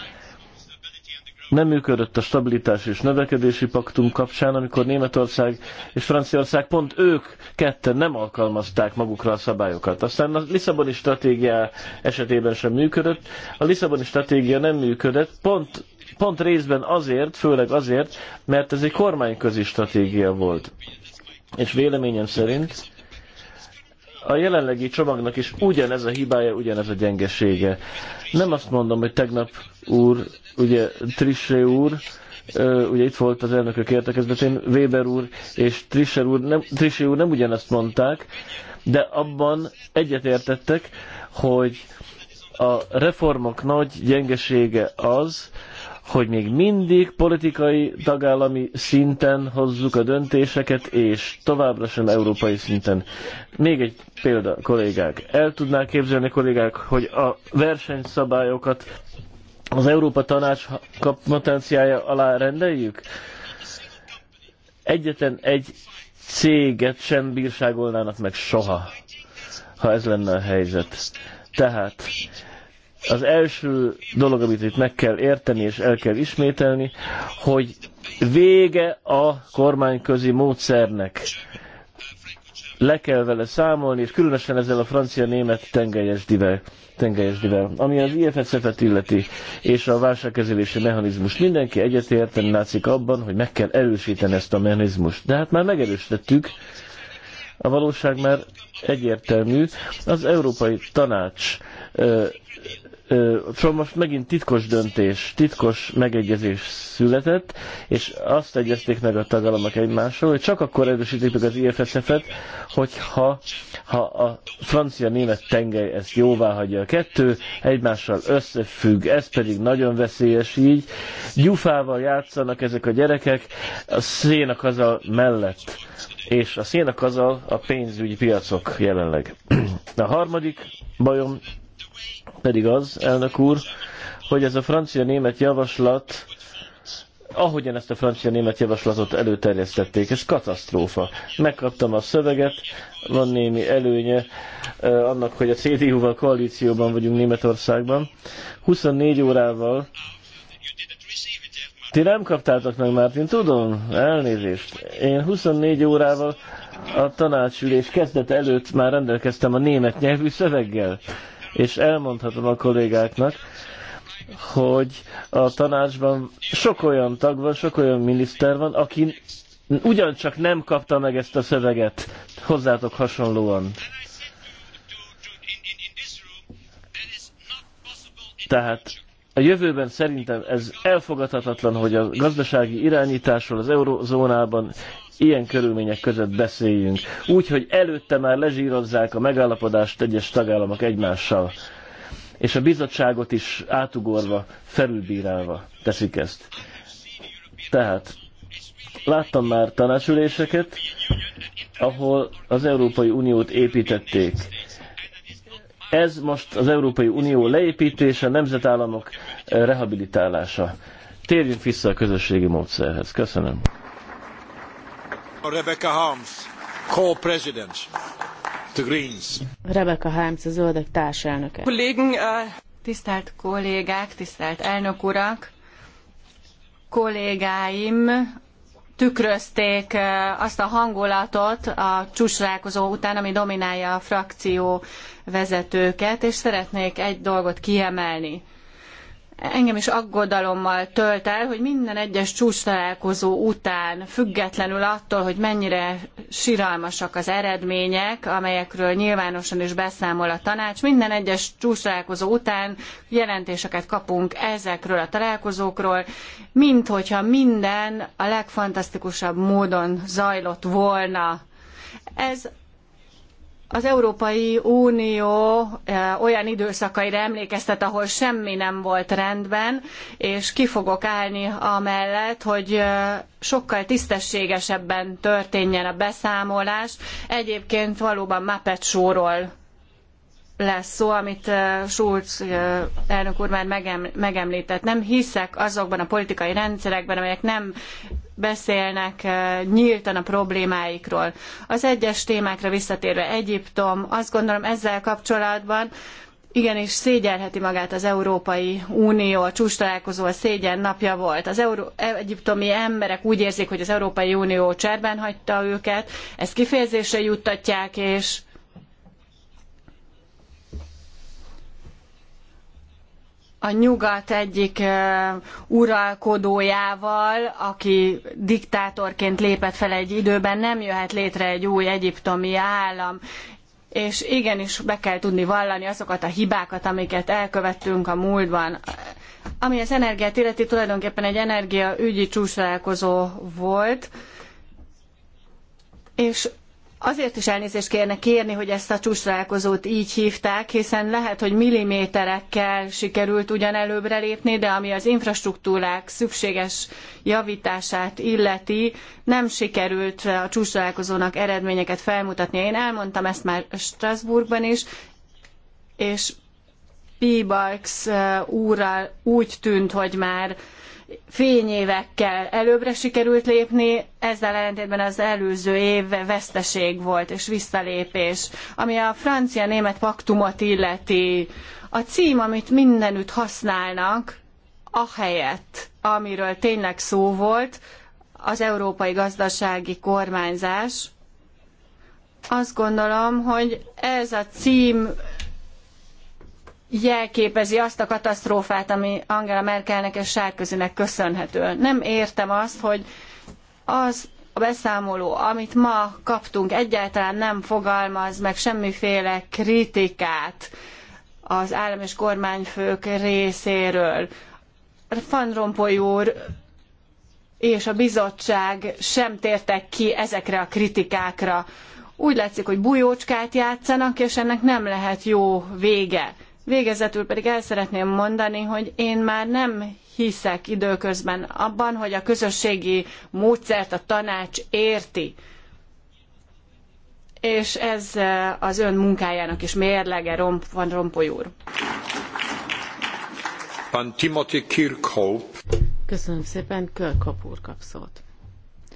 nem működött a stabilitás és növekedési paktum kapcsán, amikor Németország és Franciaország pont ők ketten nem alkalmazták magukra a szabályokat. Aztán a Lisszaboni stratégia esetében sem működött. A Lisszaboni stratégia nem működött, pont, pont részben azért, főleg azért, mert ez egy kormányközi stratégia volt. És véleményem szerint a jelenlegi csomagnak is ugyanez a hibája, ugyanez a gyengesége. Nem azt mondom, hogy tegnap úr, ugye Trissé úr, ugye itt volt az elnökök értekezletén, Weber úr és Trisser úr nem, Trissé úr nem ugyanezt mondták, de abban egyetértettek, hogy a reformok nagy gyengesége az, hogy még mindig politikai tagállami szinten hozzuk a döntéseket, és továbbra sem európai szinten. Még egy példa, kollégák. El tudnák képzelni, kollégák, hogy a versenyszabályokat az Európa Tanács kompetenciája alá rendeljük? Egyetlen egy céget sem bírságolnának meg soha, ha ez lenne a helyzet. Tehát az első dolog, amit itt meg kell érteni és el kell ismételni, hogy vége a kormányközi módszernek. Le kell vele számolni, és különösen ezzel a francia-német tengelyesdivel, tengelyesdivel, ami az IFSZ-et illeti, és a válságkezelési mechanizmus. Mindenki egyetérteni látszik abban, hogy meg kell erősíteni ezt a mechanizmust. De hát már megerősítettük, a valóság már egyértelmű. Az Európai Tanács ö, Szóval most megint titkos döntés, titkos megegyezés született, és azt egyezték meg a tagállamok egymással, hogy csak akkor erősítik meg az IFSF-et, hogyha ha a francia-német tengely ezt jóvá hagyja a kettő, egymással összefügg, ez pedig nagyon veszélyes így. Gyufával játszanak ezek a gyerekek a szénakazal mellett, és a szénakazal a pénzügyi piacok jelenleg. A harmadik bajom pedig az, elnök úr, hogy ez a francia-német javaslat, ahogyan ezt a francia-német javaslatot előterjesztették, ez katasztrófa. Megkaptam a szöveget, van némi előnye eh, annak, hogy a CDU-val koalícióban vagyunk Németországban. 24 órával ti nem kaptátok meg, Mártin, tudom, elnézést. Én 24 órával a tanácsülés kezdete előtt már rendelkeztem a német nyelvű szöveggel és elmondhatom a kollégáknak, hogy a tanácsban sok olyan tag van, sok olyan miniszter van, aki ugyancsak nem kapta meg ezt a szöveget hozzátok hasonlóan. Tehát a jövőben szerintem ez elfogadhatatlan, hogy a gazdasági irányításról az eurozónában ilyen körülmények között beszéljünk. Úgy, hogy előtte már lezsírozzák a megállapodást egyes tagállamok egymással. És a bizottságot is átugorva, felülbírálva teszik ezt. Tehát láttam már tanácsüléseket, ahol az Európai Uniót építették. Ez most az Európai Unió leépítése, nemzetállamok rehabilitálása. Térjünk vissza a közösségi módszerhez. Köszönöm. Rebecca Harms, co-president, the Greens. Rebecca Harms, a zöldek társelnöke. Kollégen, Tisztelt kollégák, tisztelt elnök urak, kollégáim tükrözték azt a hangulatot a csúcsrálkozó után, ami dominálja a frakció vezetőket, és szeretnék egy dolgot kiemelni engem is aggodalommal tölt el, hogy minden egyes csúcstalálkozó után, függetlenül attól, hogy mennyire siralmasak az eredmények, amelyekről nyilvánosan is beszámol a tanács, minden egyes csúcstalálkozó után jelentéseket kapunk ezekről a találkozókról, mint hogyha minden a legfantasztikusabb módon zajlott volna. Ez az Európai Unió eh, olyan időszakaira emlékeztet, ahol semmi nem volt rendben, és ki fogok állni amellett, hogy eh, sokkal tisztességesebben történjen a beszámolás. Egyébként valóban Muppet show lesz szó, amit Schulz elnök úr már megemlített. Nem hiszek azokban a politikai rendszerekben, amelyek nem beszélnek nyíltan a problémáikról. Az egyes témákra visszatérve Egyiptom, azt gondolom ezzel kapcsolatban Igenis szégyelheti magát az Európai Unió, a csúcs találkozó a szégyen napja volt. Az Euró- e- egyiptomi emberek úgy érzik, hogy az Európai Unió cserben hagyta őket, ezt kifejezésre juttatják, és a nyugat egyik uralkodójával, aki diktátorként lépett fel egy időben, nem jöhet létre egy új egyiptomi állam. És igenis be kell tudni vallani azokat a hibákat, amiket elkövettünk a múltban. Ami az energiát illeti, tulajdonképpen egy energiaügyi csúcstalálkozó volt, és Azért is elnézést kérne kérni, hogy ezt a csúcsrálkozót így hívták, hiszen lehet, hogy milliméterekkel sikerült ugyan előbbre lépni, de ami az infrastruktúrák szükséges javítását illeti, nem sikerült a csúcsrálkozónak eredményeket felmutatni. Én elmondtam ezt már Strasbourgban is, és P. Barks eh, úrral úgy tűnt, hogy már fényévekkel előbbre sikerült lépni, ezzel ellentétben az előző év veszteség volt és visszalépés. Ami a francia-német paktumot illeti, a cím, amit mindenütt használnak, ahelyett, amiről tényleg szó volt, az európai gazdasági kormányzás, azt gondolom, hogy ez a cím jelképezi azt a katasztrófát, ami Angela Merkelnek és Sárközinek köszönhető. Nem értem azt, hogy az a beszámoló, amit ma kaptunk, egyáltalán nem fogalmaz meg semmiféle kritikát az állam és kormányfők részéről. Van Rompuy úr és a bizottság sem tértek ki ezekre a kritikákra. Úgy látszik, hogy bujócskát játszanak, és ennek nem lehet jó vége. Végezetül pedig el szeretném mondani, hogy én már nem hiszek időközben abban, hogy a közösségi módszert a tanács érti. És ez eh, az ön munkájának is mérlege, Romp, van Rompoly úr. Pan Timothy Kirkhope. Köszönöm szépen, Kirkhope úr kap szót.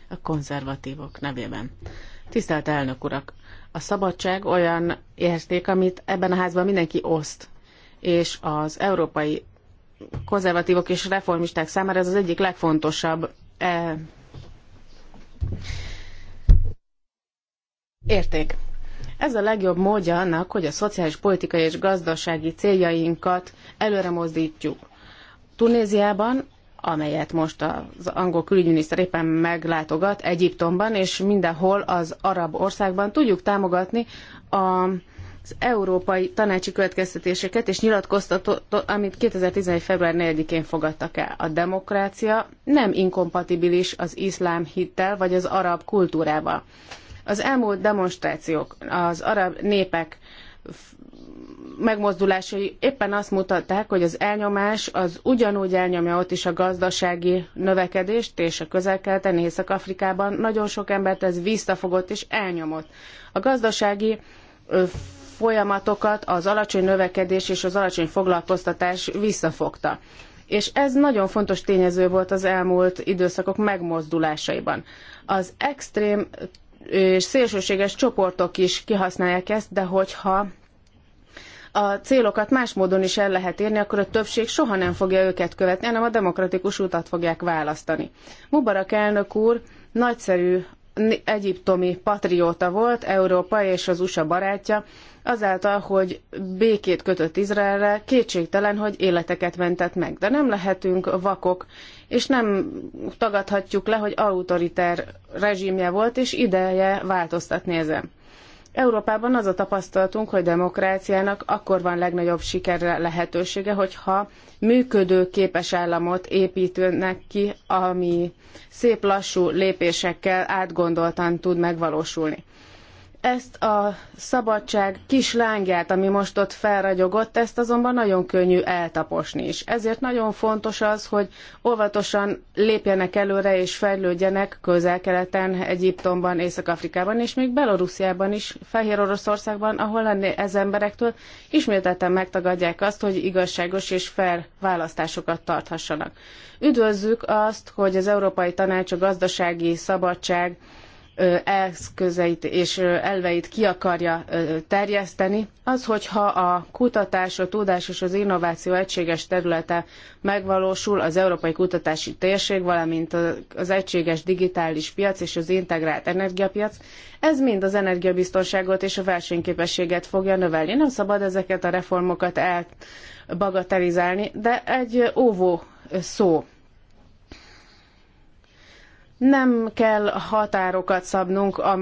A konzervatívok nevében. Tisztelt elnök urak! A szabadság olyan érték, amit ebben a házban mindenki oszt és az európai konzervatívok és reformisták számára ez az egyik legfontosabb eh, érték. Ez a legjobb módja annak, hogy a szociális, politikai és gazdasági céljainkat előre mozdítjuk. Tunéziában, amelyet most az angol külügyminiszter éppen meglátogat, Egyiptomban és mindenhol az arab országban tudjuk támogatni a az európai tanácsi következtetéseket és nyilatkoztatót, amit 2011. február 4-én fogadtak el. A demokrácia nem inkompatibilis az iszlám hittel vagy az arab kultúrával. Az elmúlt demonstrációk, az arab népek megmozdulásai éppen azt mutatták, hogy az elnyomás az ugyanúgy elnyomja ott is a gazdasági növekedést, és a közel-keleten, Észak-Afrikában nagyon sok embert ez visszafogott és elnyomott. A gazdasági folyamatokat az alacsony növekedés és az alacsony foglalkoztatás visszafogta. És ez nagyon fontos tényező volt az elmúlt időszakok megmozdulásaiban. Az extrém és szélsőséges csoportok is kihasználják ezt, de hogyha a célokat más módon is el lehet érni, akkor a többség soha nem fogja őket követni, hanem a demokratikus utat fogják választani. Mubarak elnök úr nagyszerű egyiptomi patrióta volt, Európa és az USA barátja, azáltal, hogy békét kötött Izraelre, kétségtelen, hogy életeket mentett meg. De nem lehetünk vakok, és nem tagadhatjuk le, hogy autoritár rezsimje volt, és ideje változtatni ezen. Európában az a tapasztalatunk, hogy demokráciának akkor van legnagyobb sikerre lehetősége, hogyha működő képes államot építőnek ki, ami szép lassú lépésekkel átgondoltan tud megvalósulni. Ezt a szabadság kis lángját, ami most ott felragyogott, ezt azonban nagyon könnyű eltaposni is. Ezért nagyon fontos az, hogy óvatosan lépjenek előre és fejlődjenek közel-keleten, Egyiptomban, Észak-Afrikában és még Belorussziában is, Fehér Oroszországban, ahol ez emberektől ismételten megtagadják azt, hogy igazságos és fair választásokat tarthassanak. Üdvözzük azt, hogy az Európai Tanács a gazdasági szabadság eszközeit és elveit ki akarja terjeszteni, az, hogyha a kutatás, a tudás és az innováció egységes területe megvalósul, az európai kutatási térség, valamint az egységes digitális piac és az integrált energiapiac, ez mind az energiabiztonságot és a versenyképességet fogja növelni. Nem szabad ezeket a reformokat elbagatelizálni, de egy óvó szó nem kell határokat szabnunk, a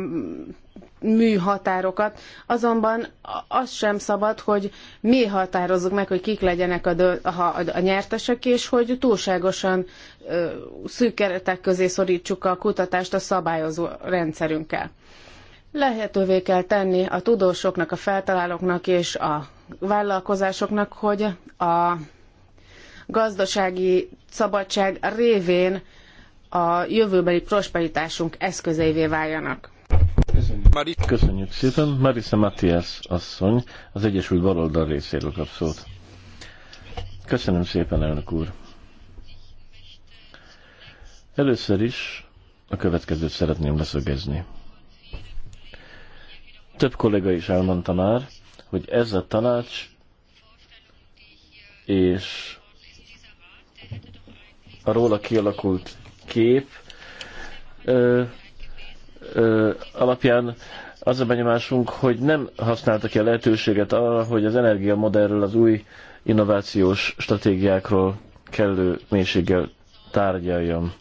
műhatárokat, azonban az sem szabad, hogy mi határozzuk meg, hogy kik legyenek a, dö- a, a nyertesek, és hogy túlságosan ö, szűk keretek közé szorítsuk a kutatást a szabályozó rendszerünkkel. Lehetővé kell tenni a tudósoknak, a feltalálóknak és a vállalkozásoknak, hogy a gazdasági szabadság révén a jövőbeli prosperitásunk eszközeivé váljanak. Köszönjük, Köszönjük szépen. Marisa Matias asszony az Egyesült Baloldal részéről kap szót. Köszönöm szépen, elnök úr. Először is a következőt szeretném leszögezni. Több kollega is elmondta már, hogy ez a tanács és a róla kialakult kép ö, ö, alapján az a benyomásunk, hogy nem használta ki a lehetőséget arra, hogy az energiamodellről, az új innovációs stratégiákról kellő mélységgel tárgyaljon.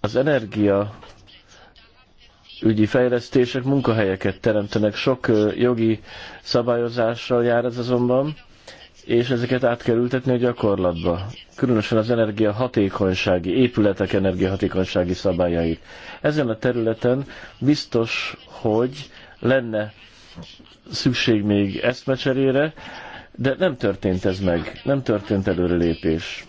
Az energia ügyi fejlesztések munkahelyeket teremtenek, sok jogi szabályozással jár ez azonban, és ezeket át kell ültetni a gyakorlatba. Különösen az energia hatékonysági épületek energia hatékonysági szabályait. Ezen a területen biztos, hogy lenne szükség még eszmecserére, de nem történt ez meg, nem történt előrelépés.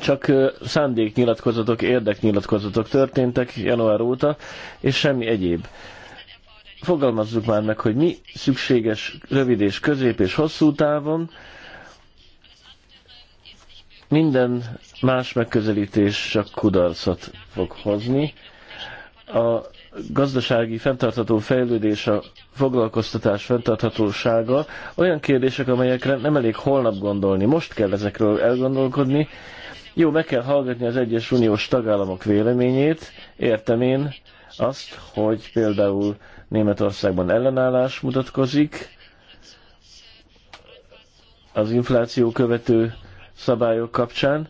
Csak szándéknyilatkozatok, érdeknyilatkozatok történtek január óta, és semmi egyéb fogalmazzuk már meg, hogy mi szükséges rövid és közép és hosszú távon. Minden más megközelítés csak kudarcot fog hozni. A gazdasági fenntartható fejlődés, a foglalkoztatás fenntarthatósága olyan kérdések, amelyekre nem elég holnap gondolni. Most kell ezekről elgondolkodni. Jó, meg kell hallgatni az egyes uniós tagállamok véleményét. Értem én azt, hogy például Németországban ellenállás mutatkozik, az infláció követő szabályok kapcsán,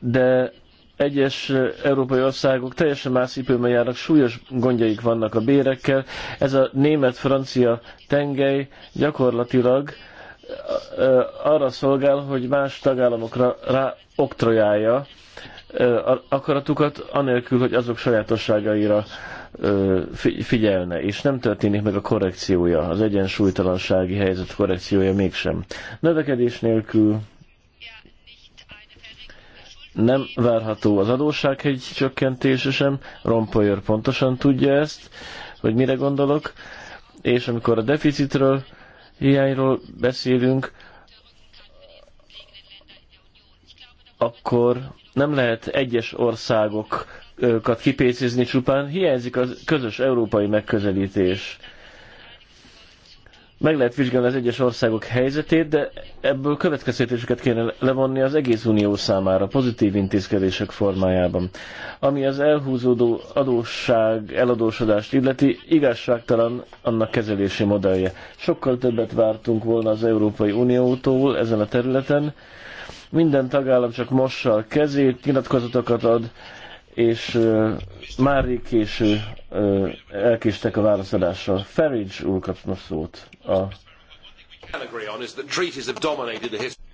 de egyes európai országok teljesen más cipőben járnak, súlyos gondjaik vannak a bérekkel. Ez a német-francia tengely gyakorlatilag arra szolgál, hogy más tagállamokra ráoktrojálja akaratukat, anélkül, hogy azok sajátosságaira figyelne, és nem történik meg a korrekciója, az egyensúlytalansági helyzet korrekciója mégsem. Növekedés nélkül nem várható az adósság egy csökkentése sem, Rompoyer pontosan tudja ezt, hogy mire gondolok, és amikor a deficitről, hiányról beszélünk, akkor nem lehet egyes országokat kipécézni csupán, hiányzik a közös európai megközelítés. Meg lehet vizsgálni az egyes országok helyzetét, de ebből következtetéseket kéne levonni az egész unió számára, pozitív intézkedések formájában. Ami az elhúzódó adósság, eladósodást illeti, igazságtalan annak kezelési modellje. Sokkal többet vártunk volna az Európai Uniótól ezen a területen, minden tagállam csak mossa a kezét, nyilatkozatokat ad, és uh, már rég késő uh, elkéstek a válaszadással. Farage úr kapna szót. A...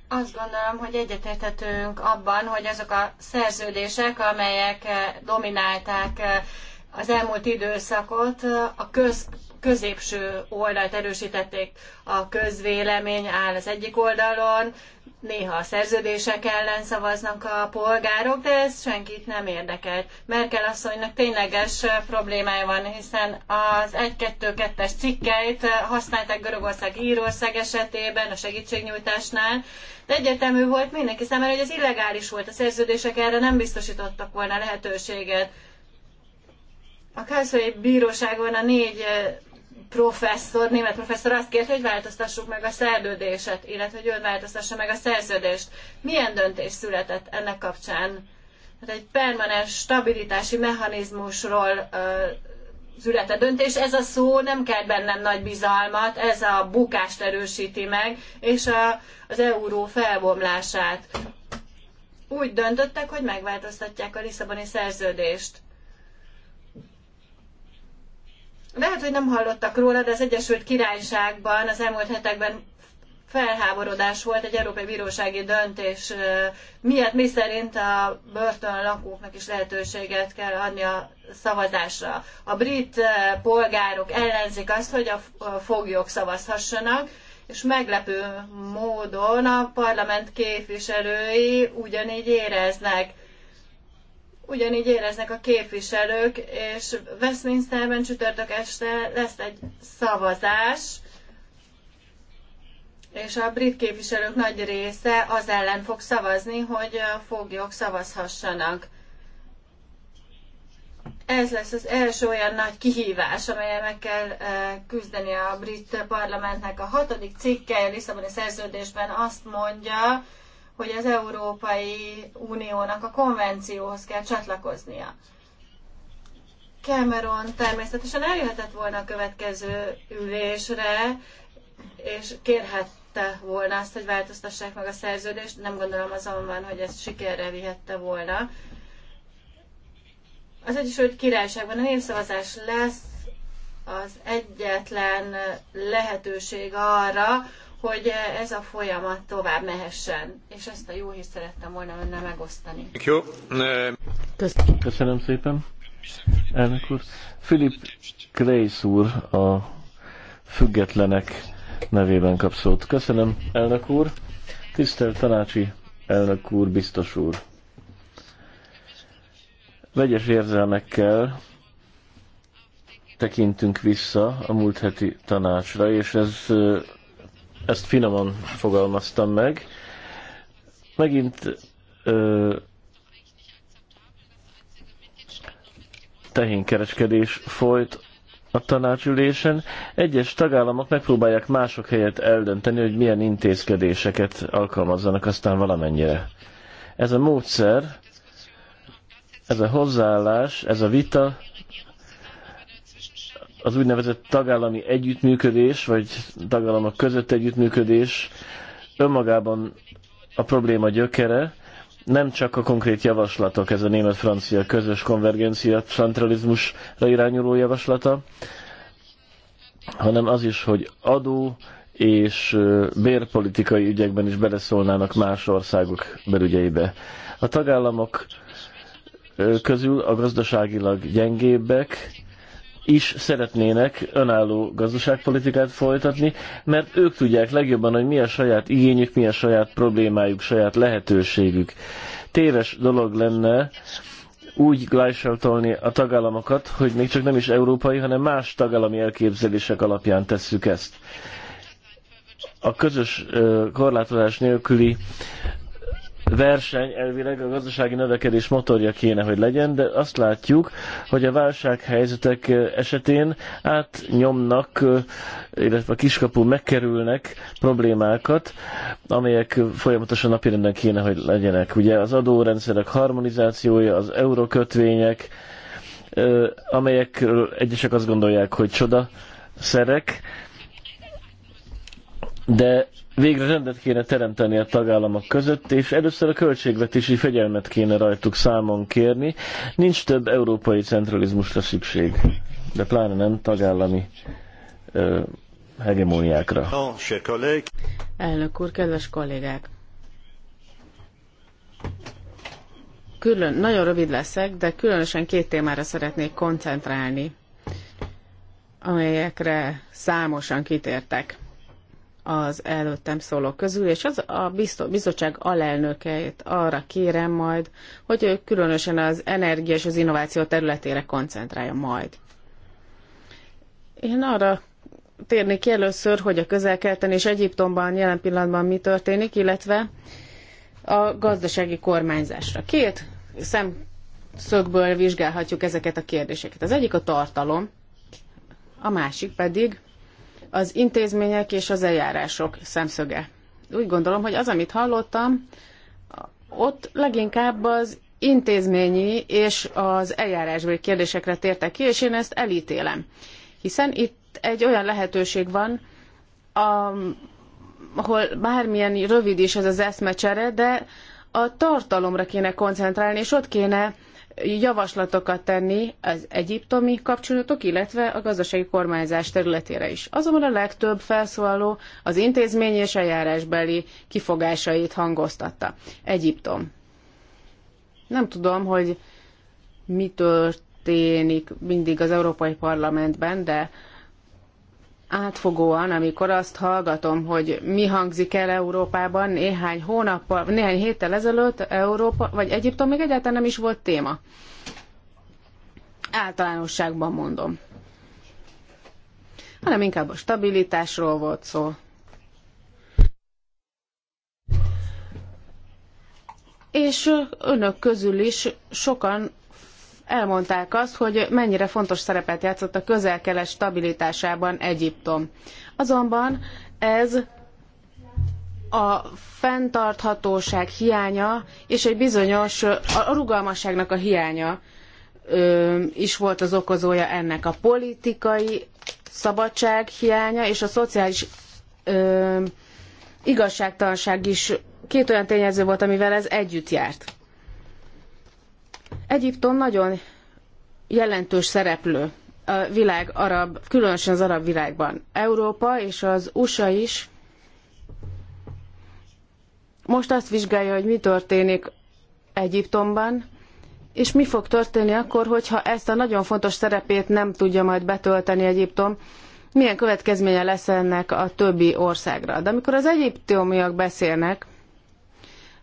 Azt gondolom, hogy egyetértetünk abban, hogy azok a szerződések, amelyek eh, dominálták eh, az elmúlt időszakot, a köz középső oldalt erősítették. A közvélemény áll az egyik oldalon, néha a szerződések ellen szavaznak a polgárok, de ez senkit nem érdekel. Merkel asszonynak tényleges problémája van, hiszen az 1-2-2-es cikkeit használták Görögország Írország esetében, a segítségnyújtásnál, de egyetemű volt mindenki számára, hogy ez illegális volt, a szerződések erre nem biztosítottak volna lehetőséget. A Kászolyi Bíróságon a négy professzor, német professzor azt kérte, hogy változtassuk meg a szerződéset, illetve hogy ő változtassa meg a szerződést. Milyen döntés született ennek kapcsán? Hát egy permanens stabilitási mechanizmusról ö, született döntés. Ez a szó nem kelt bennem nagy bizalmat, ez a bukást erősíti meg, és a, az euró felbomlását. Úgy döntöttek, hogy megváltoztatják a Lisszaboni szerződést lehet, hogy nem hallottak róla, de az Egyesült Királyságban az elmúlt hetekben felháborodás volt egy Európai Bírósági döntés miatt, miszerint a börtön lakóknak is lehetőséget kell adni a szavazásra. A brit polgárok ellenzik azt, hogy a foglyok szavazhassanak, és meglepő módon a parlament képviselői ugyanígy éreznek ugyanígy éreznek a képviselők, és Westminsterben csütörtök este lesz egy szavazás, és a brit képviselők nagy része az ellen fog szavazni, hogy foglyok szavazhassanak. Ez lesz az első olyan nagy kihívás, amelyel meg kell eh, küzdeni a brit parlamentnek. A hatodik cikke a Lisszaboni szerződésben azt mondja, hogy az Európai Uniónak a konvencióhoz kell csatlakoznia. Cameron természetesen eljöhetett volna a következő ülésre, és kérhette volna azt, hogy változtassák meg a szerződést, nem gondolom azonban, hogy ezt sikerre vihette volna. Az Egyesült Királyságban a népszavazás lesz az egyetlen lehetőség arra, hogy eh, ez a folyamat tovább mehessen. És ezt a jó hírt szerettem volna önnel megosztani. Köszönöm, Köszönöm szépen, elnök úr. Philip Grace úr a függetlenek nevében kap szót. Köszönöm, elnök úr. Tisztelt tanácsi elnök úr, biztos úr. Vegyes érzelmekkel tekintünk vissza a múlt heti tanácsra, és ez eh, ezt finoman fogalmaztam meg. Megint ö, tehénkereskedés folyt a tanácsülésen. Egyes tagállamok megpróbálják mások helyett eldönteni, hogy milyen intézkedéseket alkalmazzanak aztán valamennyire. Ez a módszer, ez a hozzáállás, ez a vita az úgynevezett tagállami együttműködés, vagy tagállamok között együttműködés önmagában a probléma gyökere, nem csak a konkrét javaslatok, ez a német-francia közös konvergencia centralizmusra irányuló javaslata, hanem az is, hogy adó és bérpolitikai ügyekben is beleszólnának más országok belügyeibe. A tagállamok közül a gazdaságilag gyengébbek, is szeretnének önálló gazdaságpolitikát folytatni, mert ők tudják legjobban, hogy mi a saját igényük, mi a saját problémájuk, saját lehetőségük. Téves dolog lenne úgy glájseltolni a tagállamokat, hogy még csak nem is európai, hanem más tagállami elképzelések alapján tesszük ezt. A közös korlátozás nélküli verseny elvileg a gazdasági növekedés motorja kéne, hogy legyen, de azt látjuk, hogy a válsághelyzetek esetén átnyomnak, illetve a kiskapu megkerülnek problémákat, amelyek folyamatosan napirenden kéne, hogy legyenek. Ugye az adórendszerek harmonizációja, az eurokötvények, amelyekről egyesek azt gondolják, hogy csoda szerek, de végre rendet kéne teremteni a tagállamok között, és először a költségvetési fegyelmet kéne rajtuk számon kérni. Nincs több európai centralizmusra szükség, de pláne nem tagállami ö, hegemóniákra. Elnök úr, kedves kollégák! Külön, nagyon rövid leszek, de különösen két témára szeretnék koncentrálni, amelyekre számosan kitértek az előttem szóló közül, és az a bizottság alelnökeit arra kérem majd, hogy ő különösen az energia és az innováció területére koncentrálja majd. Én arra térnék ki először, hogy a közelkelten és Egyiptomban jelen pillanatban mi történik, illetve a gazdasági kormányzásra. Két szemszögből vizsgálhatjuk ezeket a kérdéseket. Az egyik a tartalom, a másik pedig az intézmények és az eljárások szemszöge. Úgy gondolom, hogy az, amit hallottam, ott leginkább az intézményi és az eljárásbeli kérdésekre tértek ki, és én ezt elítélem. Hiszen itt egy olyan lehetőség van, ahol bármilyen rövid is ez az eszmecsere, de a tartalomra kéne koncentrálni, és ott kéne javaslatokat tenni az egyiptomi kapcsolatok, illetve a gazdasági kormányzás területére is. Azonban a legtöbb felszólaló az intézmény és eljárásbeli kifogásait hangoztatta. Egyiptom. Nem tudom, hogy mi történik mindig az Európai Parlamentben, de átfogóan, amikor azt hallgatom, hogy mi hangzik el Európában néhány hónappal, néhány héttel ezelőtt Európa, vagy Egyiptom még egyáltalán nem is volt téma. Általánosságban mondom. Hanem inkább a stabilitásról volt szó. És önök közül is sokan elmondták azt, hogy mennyire fontos szerepet játszott a közel-kelet stabilitásában Egyiptom. Azonban ez a fenntarthatóság hiánya és egy bizonyos a rugalmasságnak a hiánya ö, is volt az okozója ennek. A politikai szabadság hiánya és a szociális ö, igazságtalanság is két olyan tényező volt, amivel ez együtt járt. Egyiptom nagyon jelentős szereplő a világ arab, különösen az arab világban. Európa és az USA is most azt vizsgálja, hogy mi történik Egyiptomban, és mi fog történni akkor, hogyha ezt a nagyon fontos szerepét nem tudja majd betölteni Egyiptom, milyen következménye lesz ennek a többi országra. De amikor az egyiptomiak beszélnek,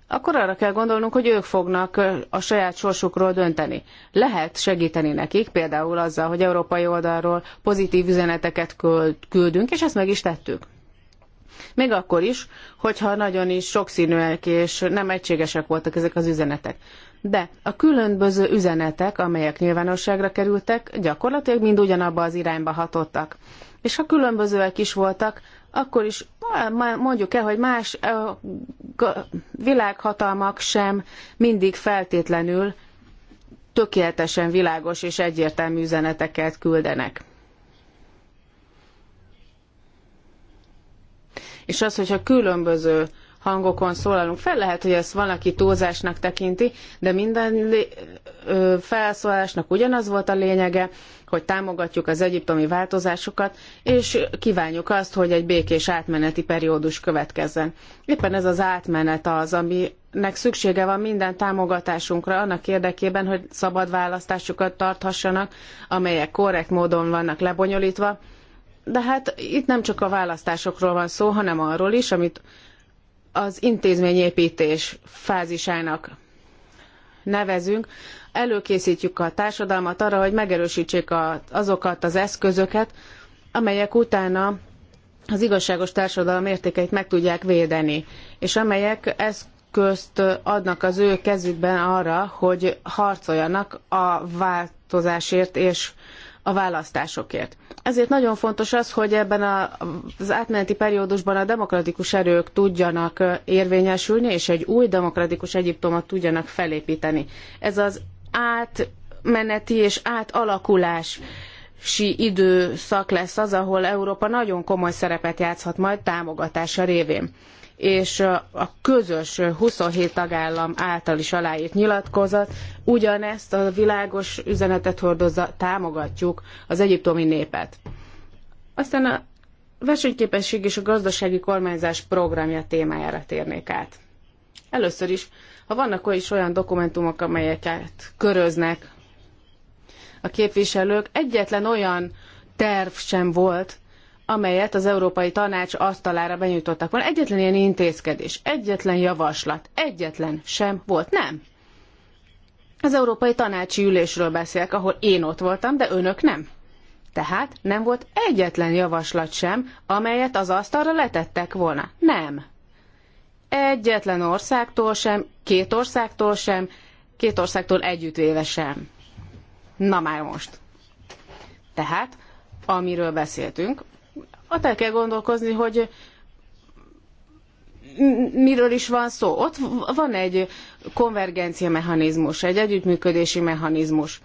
akkor arra kell gondolnunk, hogy ők fognak a saját sorsukról dönteni. Lehet segíteni nekik, például azzal, hogy európai oldalról pozitív üzeneteket küldünk, és ezt meg is tettük. Még akkor is, hogyha nagyon is sokszínűek és nem egységesek voltak ezek az üzenetek. De a különböző üzenetek, amelyek nyilvánosságra kerültek, gyakorlatilag mind ugyanabba az irányba hatottak. És ha különbözőek is voltak, akkor is mondjuk el, hogy más világhatalmak sem mindig feltétlenül tökéletesen világos és egyértelmű üzeneteket küldenek. És az, hogyha különböző hangokon szólalunk fel. Lehet, hogy ezt valaki túlzásnak tekinti, de minden felszólásnak ugyanaz volt a lényege, hogy támogatjuk az egyiptomi változásokat, és kívánjuk azt, hogy egy békés átmeneti periódus következzen. Éppen ez az átmenet az, aminek szüksége van minden támogatásunkra annak érdekében, hogy szabad választásokat tarthassanak, amelyek korrekt módon vannak lebonyolítva, de hát itt nem csak a választásokról van szó, hanem arról is, amit az intézményépítés fázisának nevezünk, előkészítjük a társadalmat arra, hogy megerősítsék azokat az eszközöket, amelyek utána az igazságos társadalom értékeit meg tudják védeni, és amelyek eszközt adnak az ő kezükben arra, hogy harcoljanak a változásért és a választásokért. Ezért nagyon fontos az, hogy ebben a, az átmeneti periódusban a demokratikus erők tudjanak érvényesülni, és egy új demokratikus Egyiptomot tudjanak felépíteni. Ez az átmeneti és átalakulási időszak lesz az, ahol Európa nagyon komoly szerepet játszhat majd támogatása révén és a közös 27 tagállam által is aláírt nyilatkozat ugyanezt a világos üzenetet hordozza, támogatjuk az egyiptomi népet. Aztán a versenyképesség és a gazdasági kormányzás programja témájára térnék át. Először is, ha vannak is olyan dokumentumok, amelyeket köröznek a képviselők, egyetlen olyan terv sem volt, amelyet az Európai Tanács asztalára benyújtottak volna. Egyetlen ilyen intézkedés, egyetlen javaslat, egyetlen sem volt. Nem. Az Európai Tanácsi Ülésről beszélek, ahol én ott voltam, de önök nem. Tehát nem volt egyetlen javaslat sem, amelyet az asztalra letettek volna. Nem. Egyetlen országtól sem, két országtól sem, két országtól együttvéve sem. Na már most. Tehát, amiről beszéltünk, ott el kell gondolkozni, hogy miről is van szó. Ott van egy konvergencia mechanizmus, egy együttműködési mechanizmus.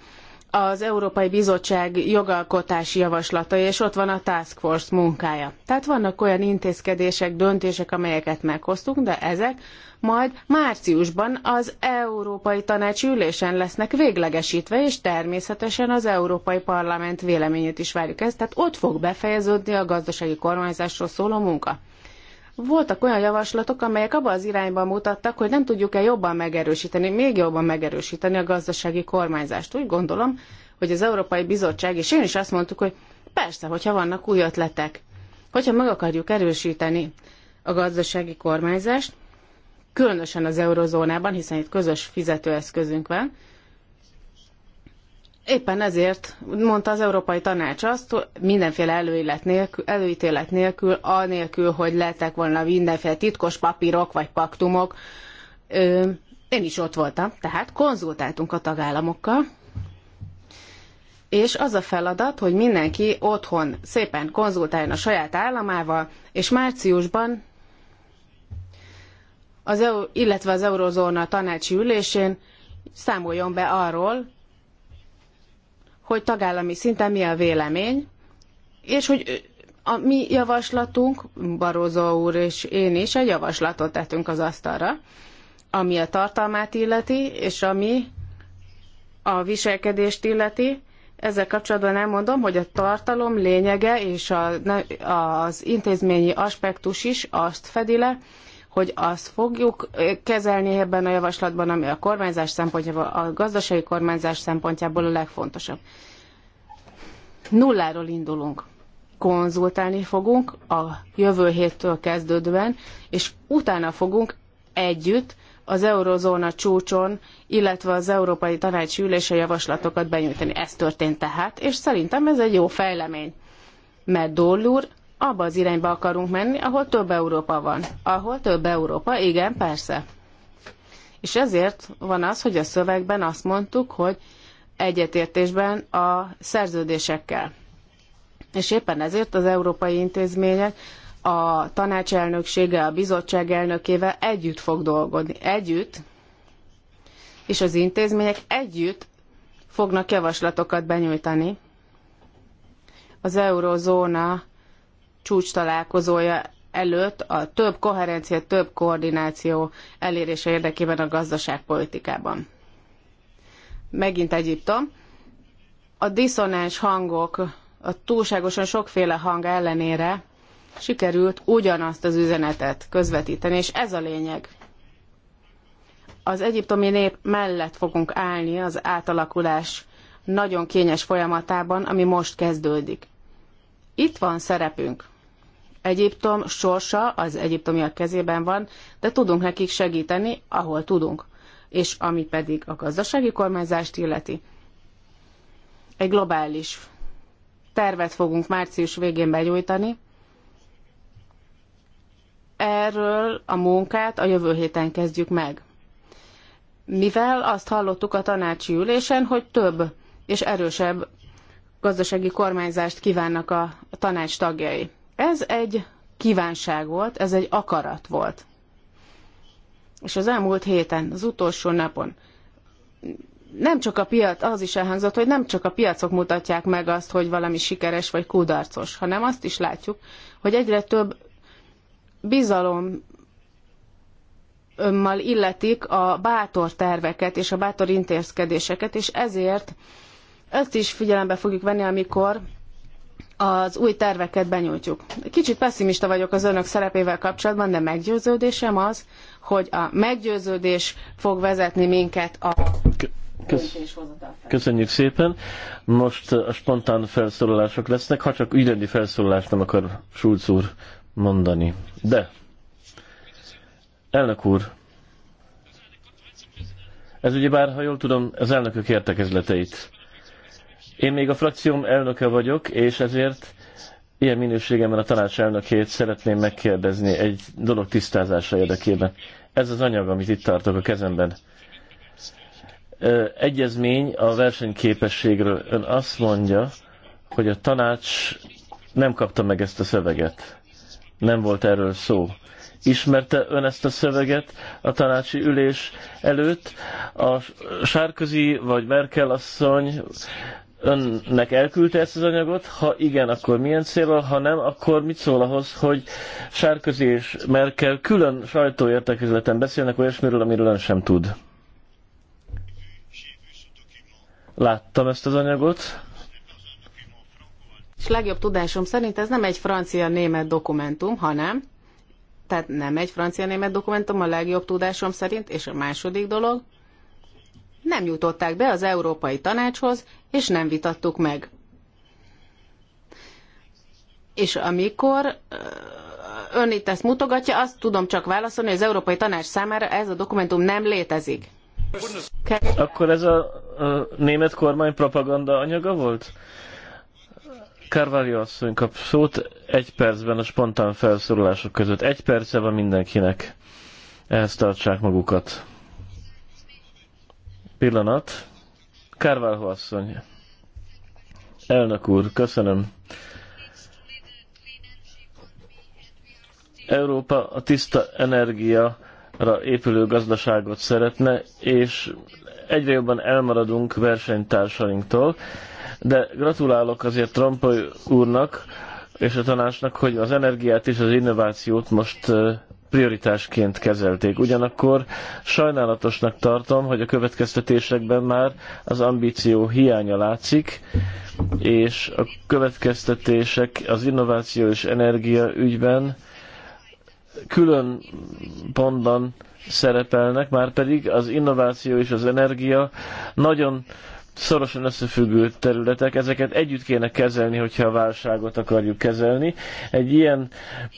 Az Európai Bizottság jogalkotási javaslatai, és ott van a Task Force munkája. Tehát vannak olyan intézkedések, döntések, amelyeket meghoztunk, de ezek majd márciusban az Európai Tanács ülésen lesznek véglegesítve, és természetesen az Európai Parlament véleményét is várjuk ezt, tehát ott fog befejeződni a gazdasági kormányzásról szóló munka. Voltak olyan javaslatok, amelyek abba az irányba mutattak, hogy nem tudjuk-e jobban megerősíteni, még jobban megerősíteni a gazdasági kormányzást. Úgy gondolom, hogy az Európai Bizottság, és én is azt mondtuk, hogy persze, hogyha vannak új ötletek, hogyha meg akarjuk erősíteni a gazdasági kormányzást, különösen az eurozónában, hiszen itt közös fizetőeszközünk van. Éppen ezért mondta az Európai Tanács azt, mindenféle előítélet nélkül, előítélet nélkül anélkül, hogy lettek volna mindenféle titkos papírok vagy paktumok. Ö, én is ott voltam, tehát konzultáltunk a tagállamokkal, és az a feladat, hogy mindenki otthon szépen konzultáljon a saját államával, és márciusban az EU, illetve az Eurozóna tanácsi ülésén számoljon be arról, hogy tagállami szinten mi a vélemény, és hogy a mi javaslatunk, Barozó úr és én is egy javaslatot tettünk az asztalra, ami a tartalmát illeti, és ami a viselkedést illeti. Ezzel kapcsolatban elmondom, hogy a tartalom lényege és a, az intézményi aspektus is azt fedi le, hogy azt fogjuk kezelni ebben a javaslatban, ami a kormányzás szempontjából, a gazdasági kormányzás szempontjából a legfontosabb. Nulláról indulunk. Konzultálni fogunk a jövő héttől kezdődően, és utána fogunk együtt az eurozóna csúcson, illetve az Európai Tanács ülése javaslatokat benyújtani. Ez történt tehát, és szerintem ez egy jó fejlemény. Mert Dóll úr abba az irányba akarunk menni, ahol több Európa van. Ahol több Európa, igen, persze. És ezért van az, hogy a szövegben azt mondtuk, hogy egyetértésben a szerződésekkel. És éppen ezért az európai intézmények a tanácselnöksége, a bizottság elnökével együtt fog dolgozni. Együtt, és az intézmények együtt fognak javaslatokat benyújtani az eurozóna csúcs találkozója előtt a több koherencia, több koordináció elérése érdekében a gazdaságpolitikában. Megint Egyiptom. A diszonáns hangok, a túlságosan sokféle hang ellenére sikerült ugyanazt az üzenetet közvetíteni, és ez a lényeg. Az egyiptomi nép mellett fogunk állni az átalakulás nagyon kényes folyamatában, ami most kezdődik. Itt van szerepünk Egyiptom sorsa az egyiptomiak kezében van, de tudunk nekik segíteni, ahol tudunk. És ami pedig a gazdasági kormányzást illeti. Egy globális tervet fogunk március végén benyújtani. Erről a munkát a jövő héten kezdjük meg. Mivel azt hallottuk a tanácsi ülésen, hogy több és erősebb gazdasági kormányzást kívánnak a tanács tagjai. Ez egy kívánság volt, ez egy akarat volt. És az elmúlt héten, az utolsó napon nem csak a piac, az is elhangzott, hogy nem csak a piacok mutatják meg azt, hogy valami sikeres vagy kudarcos, hanem azt is látjuk, hogy egyre több bizalom önmal illetik a bátor terveket és a bátor intézkedéseket, és ezért ezt is figyelembe fogjuk venni, amikor az új terveket benyújtjuk. Kicsit pessimista vagyok az önök szerepével kapcsolatban, de meggyőződésem az, hogy a meggyőződés fog vezetni minket a Köszönjük szépen. Most a spontán felszólalások lesznek, ha csak ügyrendi felszólalást nem akar Schulz úr mondani. De, elnök úr, ez ugyebár, ha jól tudom, az elnökök értekezleteit én még a frakcióm elnöke vagyok, és ezért ilyen minőségemben a tanács elnökét szeretném megkérdezni egy dolog tisztázása érdekében. Ez az anyag, amit itt tartok a kezemben. Egyezmény a versenyképességről. Ön azt mondja, hogy a tanács nem kapta meg ezt a szöveget. Nem volt erről szó. Ismerte ön ezt a szöveget a tanácsi ülés előtt? A Sárközi vagy Merkel asszony önnek elküldte ezt az anyagot? Ha igen, akkor milyen célra? Ha nem, akkor mit szól ahhoz, hogy Sárközi és Merkel külön sajtóértekezleten beszélnek olyasmiről, amiről ön sem tud? Láttam ezt az anyagot. És legjobb tudásom szerint ez nem egy francia-német dokumentum, hanem tehát nem egy francia-német dokumentum a legjobb tudásom szerint, és a második dolog, nem jutották be az Európai Tanácshoz, és nem vitattuk meg. És amikor ön itt ezt mutogatja, azt tudom csak válaszolni, hogy az Európai Tanács számára ez a dokumentum nem létezik. Akkor ez a, a német kormány propaganda anyaga volt? Carvalho asszony kap szót egy percben a spontán felszólalások között. Egy perce van mindenkinek. Ehhez tartsák magukat pillanat. Kárválho asszony. Elnök úr, köszönöm. Európa a tiszta energiára épülő gazdaságot szeretne, és egyre jobban elmaradunk versenytársainktól, de gratulálok azért Trump úrnak és a tanácsnak, hogy az energiát és az innovációt most prioritásként kezelték. Ugyanakkor sajnálatosnak tartom, hogy a következtetésekben már az ambíció hiánya látszik, és a következtetések az innováció és energia ügyben külön pontban szerepelnek, már pedig az innováció és az energia nagyon szorosan összefüggő területek, ezeket együtt kéne kezelni, hogyha a válságot akarjuk kezelni. Egy ilyen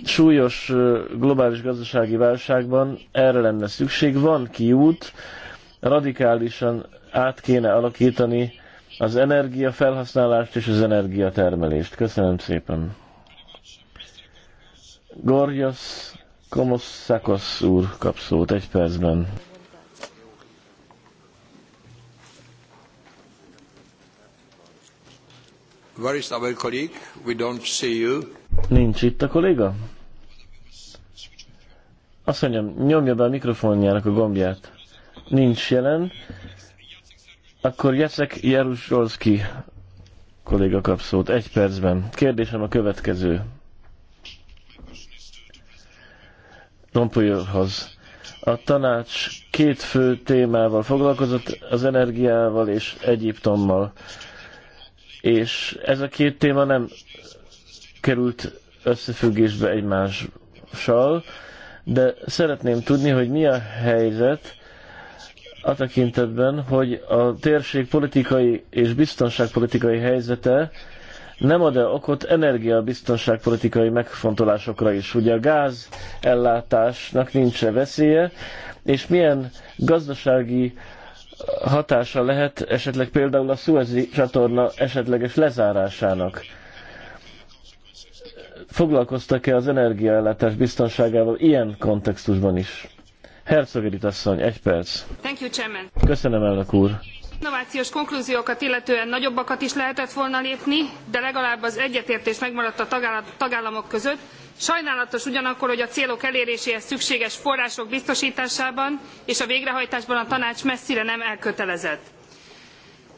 súlyos globális gazdasági válságban erre lenne szükség. Van kiút, radikálisan át kéne alakítani az energiafelhasználást és az energiatermelést. Köszönöm szépen. Gorgias Komoszakos úr kap szót egy percben. Where is our colleague? We don't see you. Nincs itt a kolléga? Azt mondjam, nyomja be a mikrofonjának a gombját. Nincs jelen. Akkor Jacek Jaruzsolszki kolléga kap szót. Egy percben. Kérdésem a következő. Rompolyorhoz. A tanács két fő témával foglalkozott, az energiával és Egyiptommal. És ez a két téma nem került összefüggésbe egymással, de szeretném tudni, hogy mi a helyzet a tekintetben, hogy a térség politikai és biztonságpolitikai helyzete nem ad-e okot energiabiztonságpolitikai megfontolásokra is. Ugye a gáz ellátásnak nincs -e veszélye, és milyen gazdasági hatása lehet esetleg például a Suezi csatorna esetleges lezárásának? Foglalkoztak-e az energiaellátás biztonságával ilyen kontextusban is? Herzogirit asszony, egy perc. Thank you, Chairman. Köszönöm, elnök úr. Innovációs konklúziókat illetően nagyobbakat is lehetett volna lépni, de legalább az egyetértés megmaradt a tagállamok között, Sajnálatos ugyanakkor, hogy a célok eléréséhez szükséges források biztosításában és a végrehajtásban a tanács messzire nem elkötelezett.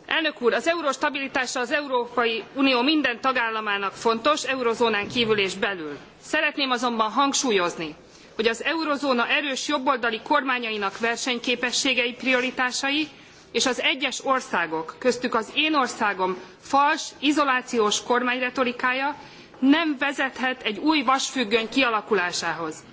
Elnök úr, az euró stabilitása az Európai Unió minden tagállamának fontos, eurozónán kívül és belül. Szeretném azonban hangsúlyozni, hogy az eurozóna erős jobboldali kormányainak versenyképességei prioritásai és az egyes országok, köztük az én országom fals, izolációs kormányretorikája nem vezethet egy új vasfüggöny kialakulásához.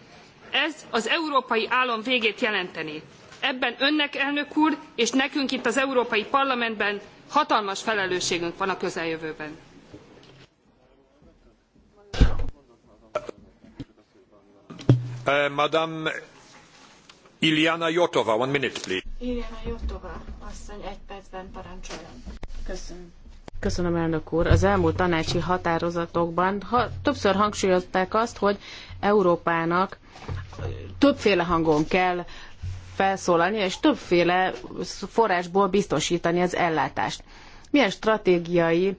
Ez az európai állam végét jelenteni. Ebben önnek, elnök úr, és nekünk itt az Európai Parlamentben hatalmas felelősségünk van a közeljövőben. Uh, Madame Iliana Jotova, one minute, please. Iliana Jotova, asszony, egy percben parancsoljon. Köszönöm Köszönöm, elnök úr. Az elmúlt tanácsi határozatokban ha, többször hangsúlyozták azt, hogy Európának többféle hangon kell felszólalni, és többféle forrásból biztosítani az ellátást. Milyen stratégiai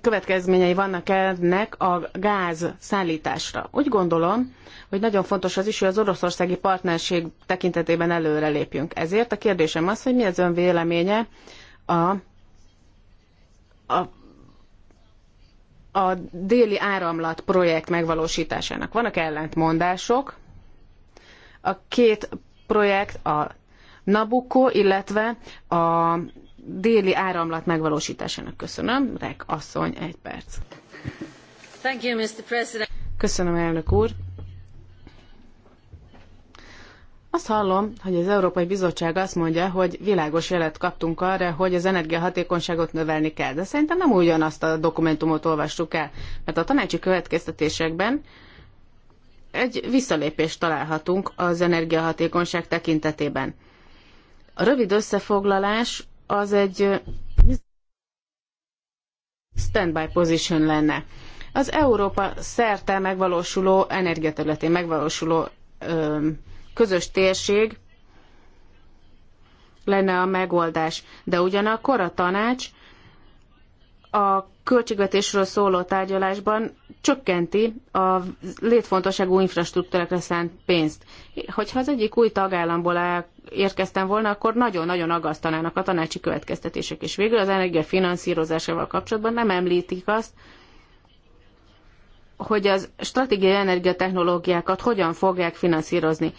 következményei vannak ennek a gáz szállításra. Úgy gondolom, hogy nagyon fontos az is, hogy az oroszországi partnerség tekintetében előrelépjünk. Ezért a kérdésem az, hogy mi az ön véleménye a a, a déli áramlat projekt megvalósításának. Vannak ellentmondások. A két projekt a Nabucco, illetve a déli áramlat megvalósításának. Köszönöm. Rek asszony, egy perc. Thank you, Mr. President. Köszönöm, elnök úr. Azt hallom, hogy az Európai Bizottság azt mondja, hogy világos jelet kaptunk arra, hogy az energiahatékonyságot növelni kell. De szerintem nem ugyanazt a dokumentumot olvastuk el, mert a tanácsi következtetésekben egy visszalépést találhatunk az energiahatékonyság tekintetében. A rövid összefoglalás az egy standby position lenne. Az Európa szerte megvalósuló, energiaterületén megvalósuló öm, közös térség lenne a megoldás. De ugyanakkor a tanács a költségvetésről szóló tárgyalásban csökkenti a létfontosságú infrastruktúrákra szánt pénzt. Hogyha az egyik új tagállamból érkeztem volna, akkor nagyon-nagyon agasztanának a tanácsi következtetések. És végül az energia finanszírozásával kapcsolatban nem említik azt, hogy az stratégiai energiatechnológiákat hogyan fogják finanszírozni.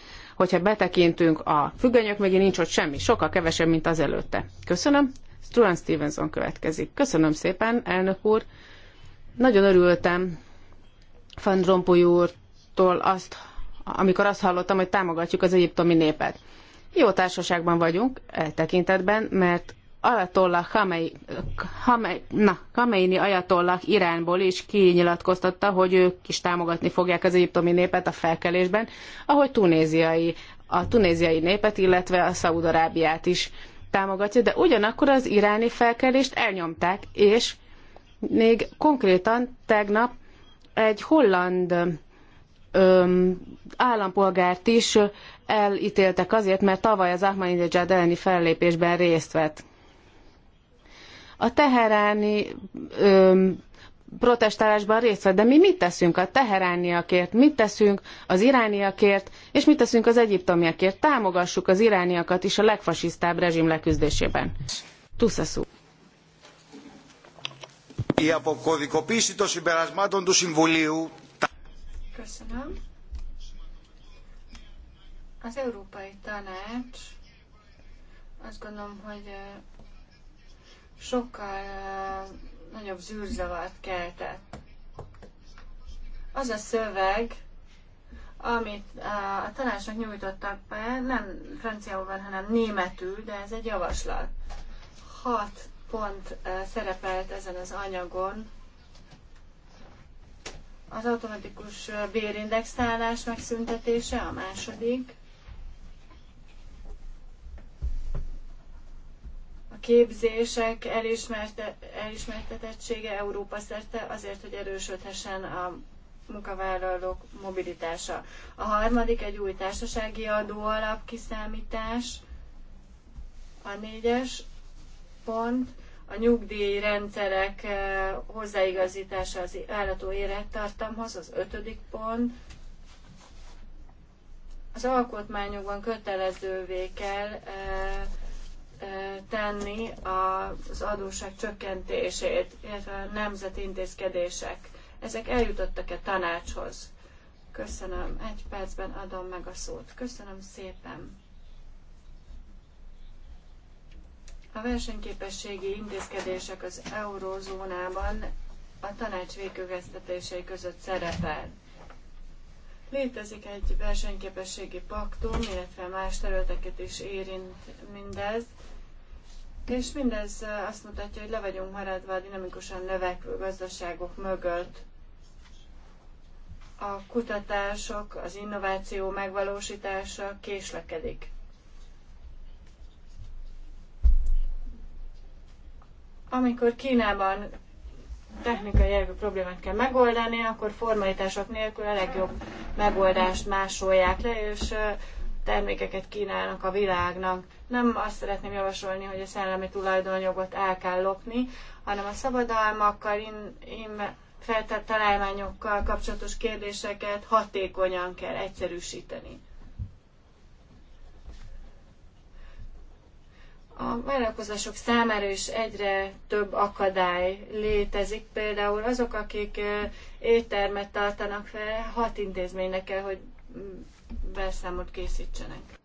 Hogyha betekintünk a függönyök, mögé, nincs ott semmi, sokkal kevesebb, mint az előtte. Köszönöm. Struan Stevenson következik. Köszönöm szépen, elnök úr. Nagyon örültem Van Rompuy úrtól azt, amikor azt hallottam, hogy támogatjuk az egyiptomi népet. Jó társaságban vagyunk e tekintetben, mert Ayatollah Khamenei, na, Ayatollah Iránból is kinyilatkoztatta, hogy ők is támogatni fogják az egyiptomi népet a felkelésben, ahogy tunéziai, a tunéziai népet, illetve a Szaúd-Arábiát is támogatja, de ugyanakkor az iráni felkelést elnyomták, és még konkrétan tegnap egy holland öm, állampolgárt is elítéltek azért, mert tavaly az Ahmadinejad elleni fellépésben részt vett a teheráni öm, protestálásban részt vett, de mi mit teszünk a teherániakért, mit teszünk az irániakért, és mit teszünk az egyiptomiakért. Támogassuk az irániakat is a legfasisztább rezsim leküzdésében. Tuszaszú. συμπερασμάτων του Συμβουλίου Köszönöm. Az Európai Tanács azt gondolom, hogy sokkal eh, nagyobb zűrzavart keltett. Az a szöveg, amit eh, a tanácsnak nyújtottak be, nem franciául van, hanem németül, de ez egy javaslat. Hat pont eh, szerepelt ezen az anyagon. Az automatikus bérindex megszüntetése a második. képzések elismerte, elismertetettsége Európa szerte azért, hogy erősödhessen a munkavállalók mobilitása. A harmadik egy új társasági adóalap kiszámítás. A négyes pont a nyugdíjrendszerek eh, hozzáigazítása az állató élettartamhoz, az ötödik pont. Az alkotmányokban kötelezővé kell eh, tenni az adósság csökkentését, illetve a nemzeti intézkedések. Ezek eljutottak-e tanácshoz? Köszönöm. Egy percben adom meg a szót. Köszönöm szépen. A versenyképességi intézkedések az eurózónában a tanács végkövetkeztetései között szerepel. Létezik egy versenyképességi paktum, illetve más területeket is érint mindez. És mindez azt mutatja, hogy le vagyunk maradva a dinamikusan növekvő gazdaságok mögött. A kutatások, az innováció megvalósítása késlekedik. Amikor Kínában technikai jellegű problémát kell megoldani, akkor formalitások nélkül a legjobb megoldást másolják le, és termékeket kínálnak a világnak. Nem azt szeretném javasolni, hogy a szellemi tulajdonjogot el kell lopni, hanem a szabadalmakkal, in, in, feltett találmányokkal kapcsolatos kérdéseket hatékonyan kell egyszerűsíteni. A vállalkozások számára is egyre több akadály létezik, például azok, akik éttermet tartanak fel, hat intézménynek kell, hogy beszámot készítsenek.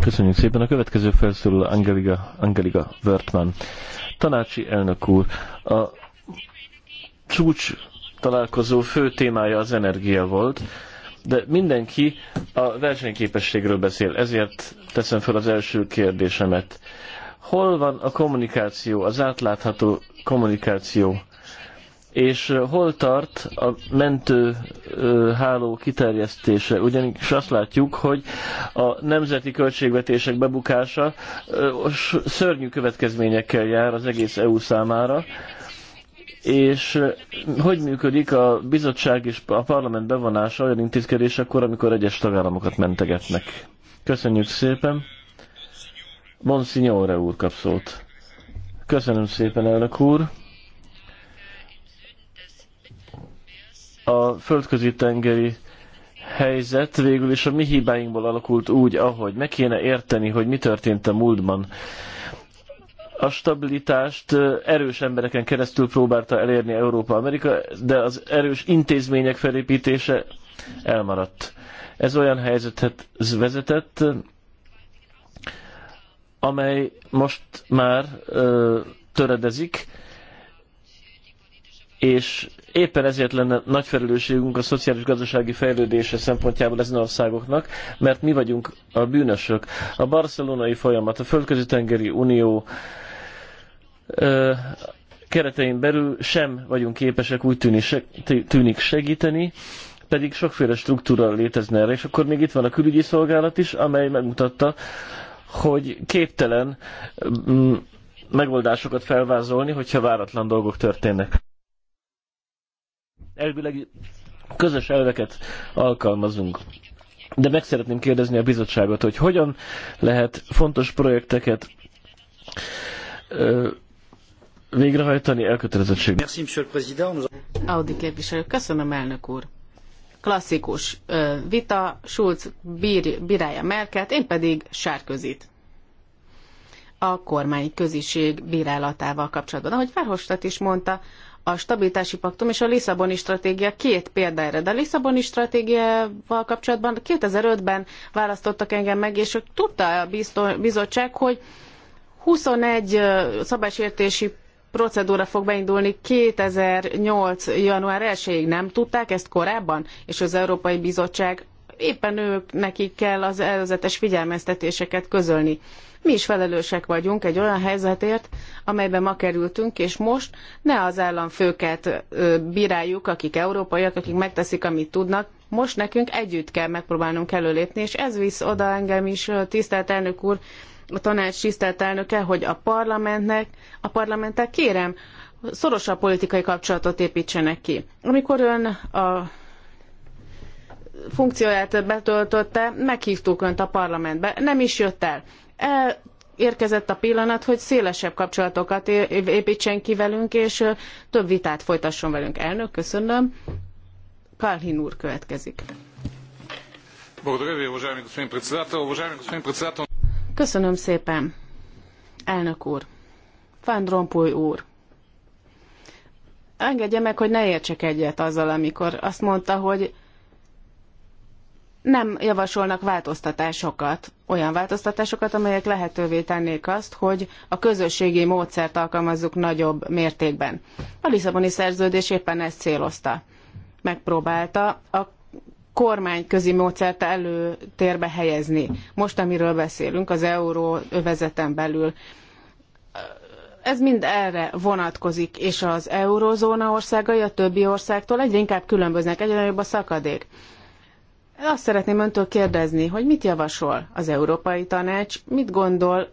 Köszönjük szépen. A következő felszóló Angelika, Angelika Wörtmann. Tanácsi elnök úr, a csúcs találkozó fő témája az energia volt, de mindenki a versenyképességről beszél, ezért teszem fel az első kérdésemet. Hol van a kommunikáció, az átlátható kommunikáció? és hol tart a mentő háló kiterjesztése? Ugyanis azt látjuk, hogy a nemzeti költségvetések bebukása szörnyű következményekkel jár az egész EU számára, és hogy működik a bizottság és a parlament bevonása olyan akkor, amikor egyes tagállamokat mentegetnek? Köszönjük szépen! Monsignore úr kap szót. Köszönöm szépen, elnök úr! a földközi tengeri helyzet végül is a mi hibáinkból alakult úgy, ahogy meg kéne érteni, hogy mi történt a múltban. A stabilitást erős embereken keresztül próbálta elérni Európa-Amerika, de az erős intézmények felépítése elmaradt. Ez olyan helyzetet vezetett, amely most már ö, töredezik, és Éppen ezért lenne nagy felelősségünk a szociális-gazdasági fejlődése szempontjából ezen országoknak, mert mi vagyunk a bűnösök. A barcelonai folyamat, a Földközi-tengeri Unió ö, keretein belül sem vagyunk képesek úgy tűni, se, tűnik segíteni, pedig sokféle struktúra létezne erre, és akkor még itt van a külügyi szolgálat is, amely megmutatta, hogy képtelen mm, megoldásokat felvázolni, hogyha váratlan dolgok történnek elvileg közös elveket alkalmazunk. De meg szeretném kérdezni a bizottságot, hogy hogyan lehet fontos projekteket ö, végrehajtani elkötelezettségben. Audi képviselő, köszönöm elnök úr. Klasszikus ö, vita, Schulz bír, bírálja Merkelt, én pedig sárközit a kormány köziség bírálatával kapcsolatban. Ahogy Verhofstadt is mondta, a stabilitási paktum és a Lisszaboni stratégia két példa erre. De a Lisszaboni stratégiával kapcsolatban 2005-ben választottak engem meg, és tudta a bizottság, hogy 21 szabálysértési procedúra fog beindulni 2008. január 1-ig. Nem tudták ezt korábban? És az Európai Bizottság éppen ők nekik kell az előzetes figyelmeztetéseket közölni. Mi is felelősek vagyunk egy olyan helyzetért, amelyben ma kerültünk, és most ne az államfőket bíráljuk, akik európaiak, akik megteszik, amit tudnak, most nekünk együtt kell megpróbálnunk előlépni, és ez visz oda engem is, tisztelt elnök úr, a tanács tisztelt elnöke, hogy a parlamentnek, a parlamentek kérem, szorosabb politikai kapcsolatot építsenek ki. Amikor ön a funkcióját betöltötte, meghívtuk önt a parlamentbe, nem is jött el. érkezett a pillanat, hogy szélesebb kapcsolatokat építsen ki velünk, és több vitát folytasson velünk. Elnök, köszönöm. Kalhin úr következik. Köszönöm szépen. Elnök úr. Van Rompuy úr. Engedje meg, hogy ne értsek egyet azzal, amikor azt mondta, hogy nem javasolnak változtatásokat, olyan változtatásokat, amelyek lehetővé tennék azt, hogy a közösségi módszert alkalmazzuk nagyobb mértékben. A Lisszaboni szerződés éppen ezt célozta. Megpróbálta a kormányközi módszert előtérbe helyezni. Most, amiről beszélünk, az euró övezeten belül. Ez mind erre vonatkozik, és az eurózóna országai a többi országtól egyre inkább különböznek, egyre nagyobb a szakadék. Azt szeretném öntől kérdezni, hogy mit javasol az Európai Tanács, mit gondol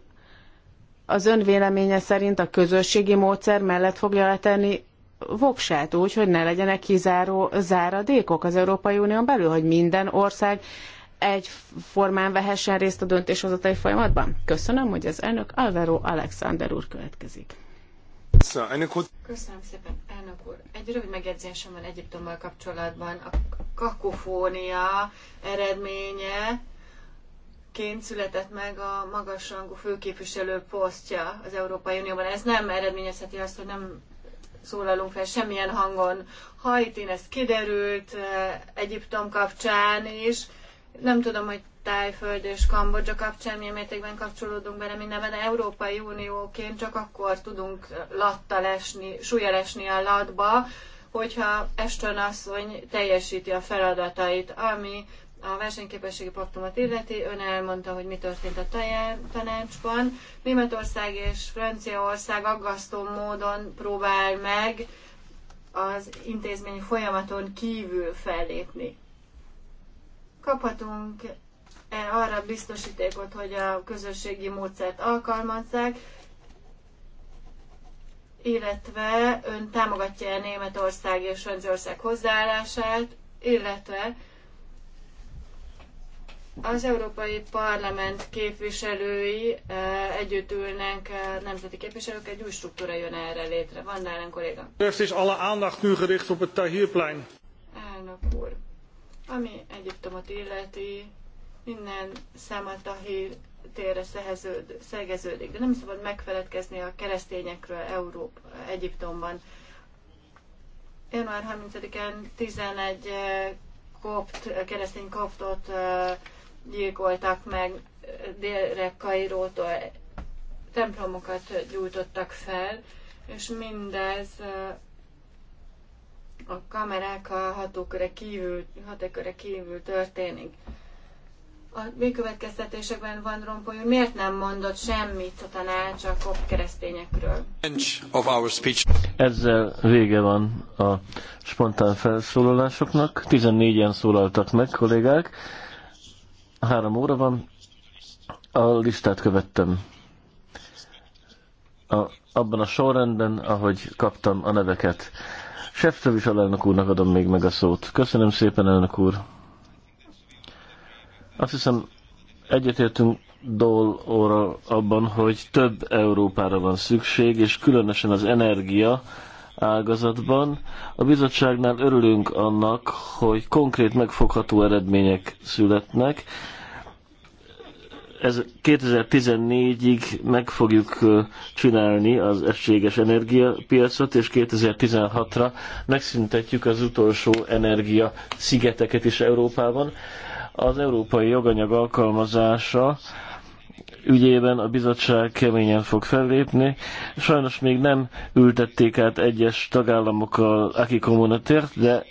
az ön véleménye szerint a közösségi módszer mellett fogja letenni voksát úgy, hogy ne legyenek kizáró záradékok az Európai Unión belül, hogy minden ország egy formán vehessen részt a döntéshozatai folyamatban? Köszönöm, hogy az elnök Alvaro Alexander úr következik. Köszönöm szépen, elnök úr. Egy rövid megjegyzésem van Egyiptommal kapcsolatban. A kakofónia eredménye ként született meg a magasrangú főképviselő posztja az Európai Unióban. Ez nem eredményezheti azt, hogy nem szólalunk fel semmilyen hangon. Hajtin ez kiderült, eh, Egyiptom kapcsán is nem tudom, hogy Tájföld és Kambodzsa kapcsán milyen mértékben kapcsolódunk bele mindenben, de Európai Unióként csak akkor tudunk lattal esni, súlyal esni a latba, hogyha Eston asszony teljesíti a feladatait, ami a versenyképességi paktumot illeti. Ön elmondta, hogy mi történt a tanácsban. Németország és Franciaország aggasztó módon próbál meg az intézmény folyamaton kívül fellépni kaphatunk -e arra biztosítékot, hogy a közösségi módszert alkalmazzák, illetve ön támogatja -e Németország és Franciaország hozzáállását, illetve az Európai Parlament képviselői e, együtt ülnek, e, nemzeti képviselők, egy új struktúra jön erre létre. Van nálunk kolléga. Először is alle aandacht nu gericht op het Tahirplein. Elnök úr. Ami Egyiptomot illeti, minden hír térre szeheződ, szegeződik, de nem szabad megfeledkezni a keresztényekről Európa, Egyiptomban. Január 30-án 11 eh, kopt, keresztény koptot eh, gyilkoltak meg eh, délre Kairótól, templomokat gyújtottak fel, és mindez a kamerák a hatóköre kívül, hatóköre kívül történik. A végkövetkeztetésekben Van Rompuy miért nem mondott semmit a tanács a kop keresztényekről? Ezzel vége van a spontán felszólalásoknak. 14-en szólaltak meg kollégák. Három óra van. A listát követtem. A, abban a sorrendben, ahogy kaptam a neveket is alelnök úrnak adom még meg a szót. Köszönöm szépen, elnök úr. Azt hiszem, egyetértünk dol óra abban, hogy több Európára van szükség, és különösen az energia ágazatban. A bizottságnál örülünk annak, hogy konkrét megfogható eredmények születnek, ez 2014-ig meg fogjuk csinálni az egységes energiapiacot, és 2016-ra megszüntetjük az utolsó energia szigeteket is Európában. Az európai joganyag alkalmazása ügyében a bizottság keményen fog fellépni. Sajnos még nem ültették át egyes tagállamok a Aki Kommunatért, de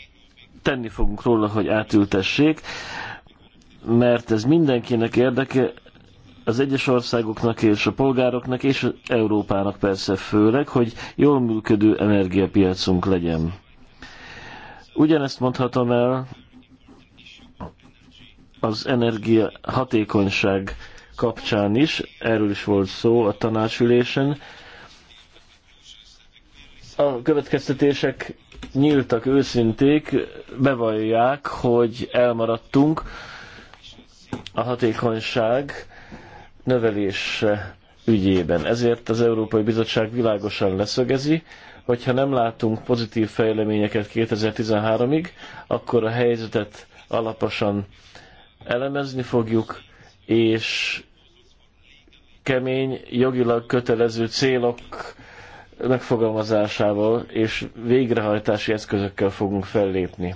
tenni fogunk róla, hogy átültessék, mert ez mindenkinek érdeke, az egyes országoknak és a polgároknak, és az Európának persze főleg, hogy jól működő energiapiacunk legyen. Ugyanezt mondhatom el az energia hatékonyság kapcsán is, erről is volt szó a tanácsülésen. A következtetések nyíltak, őszinték, bevallják, hogy elmaradtunk a hatékonyság növelése ügyében. Ezért az Európai Bizottság világosan leszögezi, hogyha nem látunk pozitív fejleményeket 2013-ig, akkor a helyzetet alaposan elemezni fogjuk, és kemény, jogilag kötelező célok megfogalmazásával és végrehajtási eszközökkel fogunk fellépni.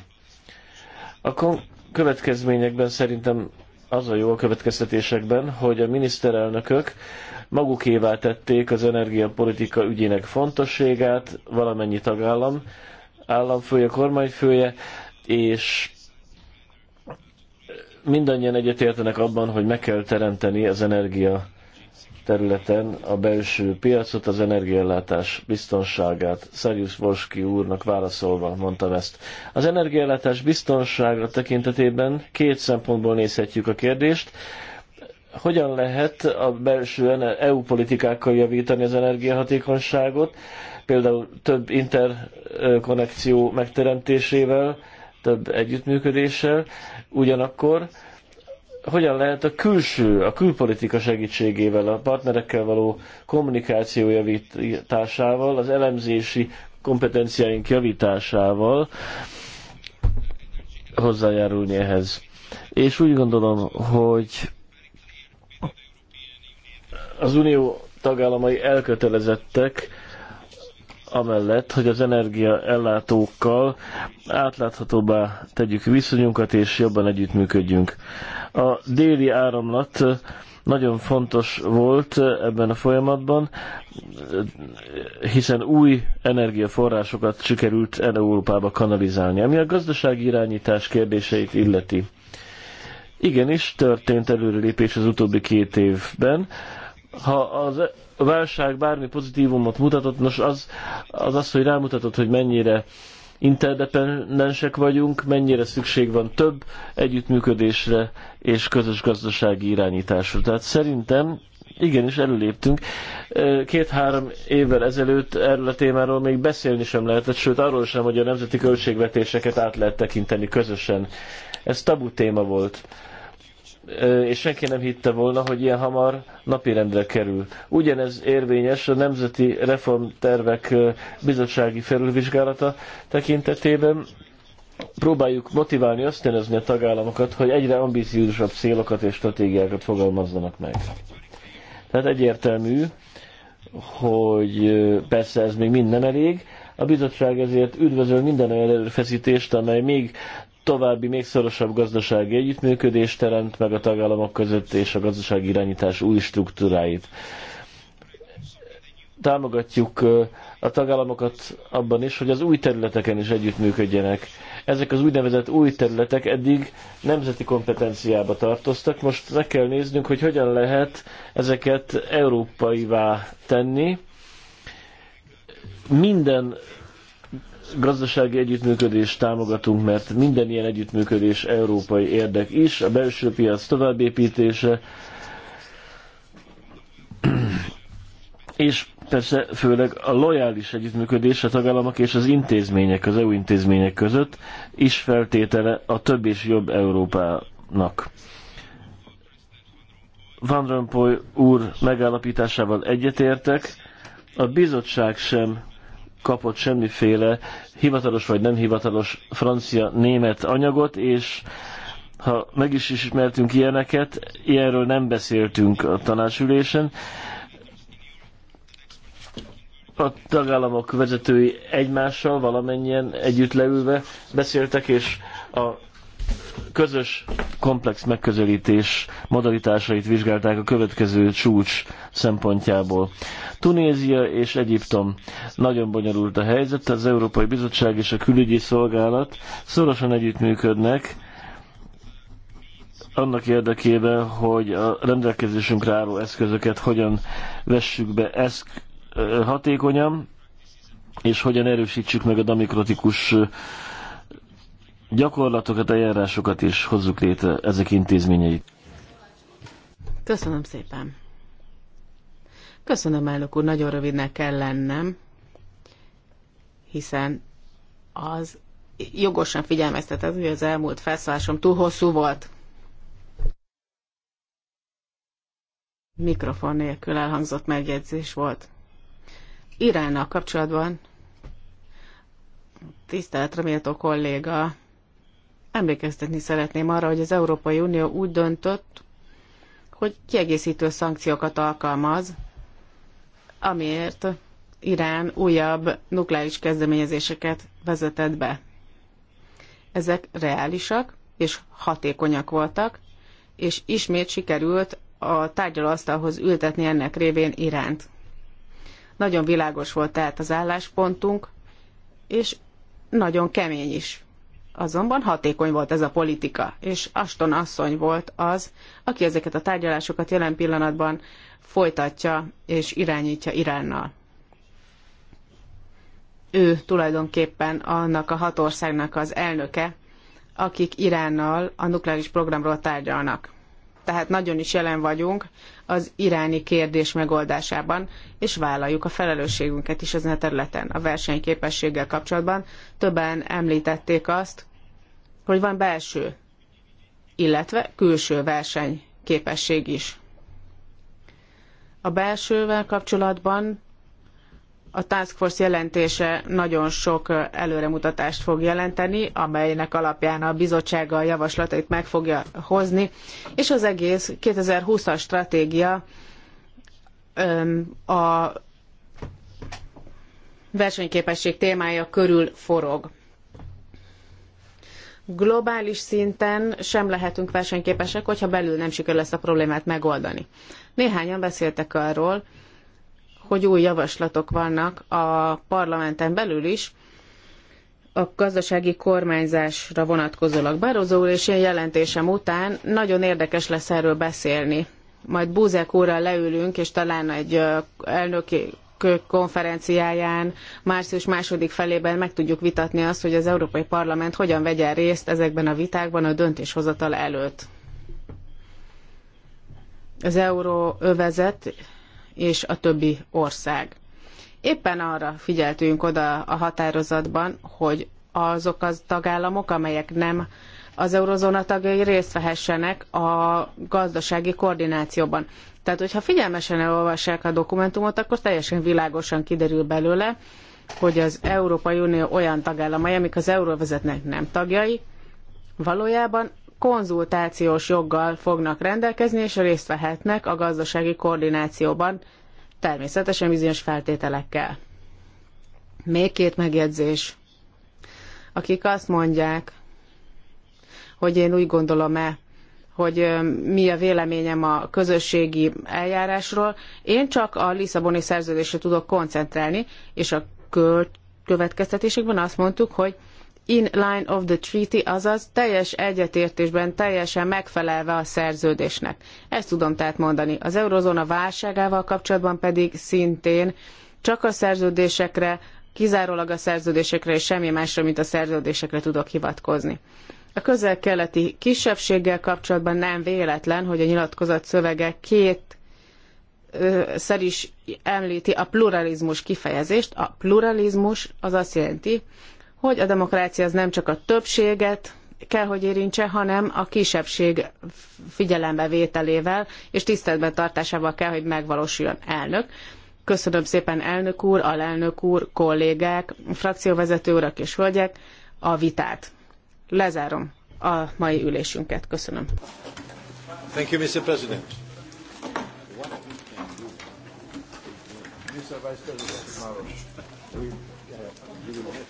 A következményekben szerintem az a jó a következtetésekben, hogy a miniszterelnökök magukévá tették az energiapolitika ügyének fontosságát, valamennyi tagállam, államfője, kormányfője, és mindannyian egyetértenek abban, hogy meg kell teremteni az energia területen a belső piacot, az energiállátás biztonságát. Szerjusz Volski úrnak válaszolva mondtam ezt. Az energiállátás biztonságra tekintetében két szempontból nézhetjük a kérdést. Hogyan lehet a belső EU politikákkal javítani az energiahatékonyságot, például több interkonnekció megteremtésével, több együttműködéssel, ugyanakkor hogyan lehet a külső, a külpolitika segítségével, a partnerekkel való kommunikáció javításával, az elemzési kompetenciáink javításával hozzájárulni ehhez. És úgy gondolom, hogy az unió tagállamai elkötelezettek amellett, hogy az energia ellátókkal átláthatóbbá tegyük viszonyunkat és jobban együttműködjünk. A déli áramlat nagyon fontos volt ebben a folyamatban, hiszen új energiaforrásokat sikerült Európába kanalizálni, ami a gazdasági irányítás kérdéseit illeti. Igenis, történt előrelépés az utóbbi két évben. Ha az a válság bármi pozitívumot mutatott, nos az az, az hogy rámutatott, hogy mennyire interdependensek vagyunk, mennyire szükség van több együttműködésre és közös gazdasági irányításra. Tehát szerintem igenis előléptünk. Két-három évvel ezelőtt erről a témáról még beszélni sem lehetett, sőt arról sem, hogy a nemzeti költségvetéseket át lehet tekinteni közösen. Ez tabu téma volt és senki nem hitte volna, hogy ilyen hamar napirendre kerül. Ugyanez érvényes a Nemzeti Reformtervek Bizottsági Felülvizsgálata tekintetében. Próbáljuk motiválni, ösztönözni a tagállamokat, hogy egyre ambíciózusabb célokat és stratégiákat fogalmazzanak meg. Tehát egyértelmű, hogy persze ez még mind nem elég, a bizottság ezért üdvözöl minden olyan erőfeszítést, amely még további, még szorosabb gazdasági együttműködés teremt meg a tagállamok között és a gazdasági irányítás új struktúráit. Támogatjuk a tagállamokat abban is, hogy az új területeken is együttműködjenek. Ezek az úgynevezett új területek eddig nemzeti kompetenciába tartoztak, most meg kell néznünk, hogy hogyan lehet ezeket európaivá tenni. Minden gazdasági együttműködést támogatunk, mert minden ilyen együttműködés európai érdek is, a belső piac továbbépítése, és persze főleg a lojális együttműködés a tagállamok és az intézmények, az EU intézmények között is feltétele a több és jobb Európának. Van Rompuy úr megállapításával egyetértek, a bizottság sem kapott semmiféle hivatalos vagy nem hivatalos francia-német anyagot, és ha meg is ismertünk ilyeneket, ilyenről nem beszéltünk a tanácsülésen. A tagállamok vezetői egymással valamennyien együtt leülve beszéltek, és a közös komplex megközelítés modalitásait vizsgálták a következő csúcs szempontjából. Tunézia és Egyiptom. Nagyon bonyolult a helyzet, az Európai Bizottság és a Külügyi Szolgálat szorosan együttműködnek, annak érdekében, hogy a rendelkezésünkre álló eszközöket hogyan vessük be eszk hatékonyan, és hogyan erősítsük meg a demokratikus gyakorlatokat, eljárásokat is hozzuk létre ezek intézményeit. Köszönöm szépen. Köszönöm, elnök úr, nagyon rövidnek kell lennem, hiszen az jogosan figyelmeztetett, hogy az elmúlt felszállásom túl hosszú volt. Mikrofon nélkül elhangzott megjegyzés volt. Iránnal kapcsolatban tiszteletre méltó kolléga Emlékeztetni szeretném arra, hogy az Európai Unió úgy döntött, hogy kiegészítő szankciókat alkalmaz, amiért Irán újabb nukleáris kezdeményezéseket vezetett be. Ezek reálisak és hatékonyak voltak, és ismét sikerült a tárgyalóasztalhoz ültetni ennek révén Iránt. Nagyon világos volt tehát az álláspontunk, és nagyon kemény is. Azonban hatékony volt ez a politika, és Aston asszony volt az, aki ezeket a tárgyalásokat jelen pillanatban folytatja és irányítja Iránnal. Ő tulajdonképpen annak a hat országnak az elnöke, akik Iránnal a nukleáris programról tárgyalnak. Tehát nagyon is jelen vagyunk, az iráni kérdés megoldásában, és vállaljuk a felelősségünket is ezen a területen. A versenyképességgel kapcsolatban többen említették azt, hogy van belső, illetve külső versenyképesség is. A belsővel kapcsolatban a Task Force jelentése nagyon sok előremutatást fog jelenteni, amelynek alapján a bizottság a javaslatait meg fogja hozni, és az egész 2020-as stratégia a versenyképesség témája körül forog. Globális szinten sem lehetünk versenyképesek, hogyha belül nem sikerül ezt a problémát megoldani. Néhányan beszéltek arról, hogy új javaslatok vannak a parlamenten belül is, a gazdasági kormányzásra vonatkozólag. Barozó úr és én jelentésem után nagyon érdekes lesz erről beszélni. Majd Búzek úrral leülünk, és talán egy elnöki konferenciáján március második felében meg tudjuk vitatni azt, hogy az Európai Parlament hogyan vegyen részt ezekben a vitákban a döntéshozatal előtt. Az euróövezet és a többi ország. Éppen arra figyeltünk oda a határozatban, hogy azok az tagállamok, amelyek nem az eurozóna tagjai részt vehessenek a gazdasági koordinációban. Tehát, hogyha figyelmesen elolvassák a dokumentumot, akkor teljesen világosan kiderül belőle, hogy az Európai Unió olyan tagállamai, amik az euróvezetnek nem tagjai, valójában konzultációs joggal fognak rendelkezni, és részt vehetnek a gazdasági koordinációban, természetesen bizonyos feltételekkel. Még két megjegyzés. Akik azt mondják, hogy én úgy gondolom-e, hogy mi a véleményem a közösségi eljárásról. Én csak a Lisszaboni szerződésre tudok koncentrálni, és a következtetésekben azt mondtuk, hogy in line of the treaty, azaz teljes egyetértésben, teljesen megfelelve a szerződésnek. Ezt tudom tehát mondani. Az eurozóna válságával kapcsolatban pedig szintén csak a szerződésekre, kizárólag a szerződésekre és semmi másra, mint a szerződésekre tudok hivatkozni. A közel-keleti kisebbséggel kapcsolatban nem véletlen, hogy a nyilatkozat szövege két szer is említi a pluralizmus kifejezést. A pluralizmus az azt jelenti, hogy a demokrácia az nem csak a többséget kell, hogy érintse, hanem a kisebbség vételével és tiszteletben tartásával kell, hogy megvalósuljon elnök. Köszönöm szépen elnök úr, alelnök úr, kollégák, frakcióvezető urak és hölgyek a vitát. Lezárom a mai ülésünket. Köszönöm. Thank you, Mr. President. Mr. Vice President,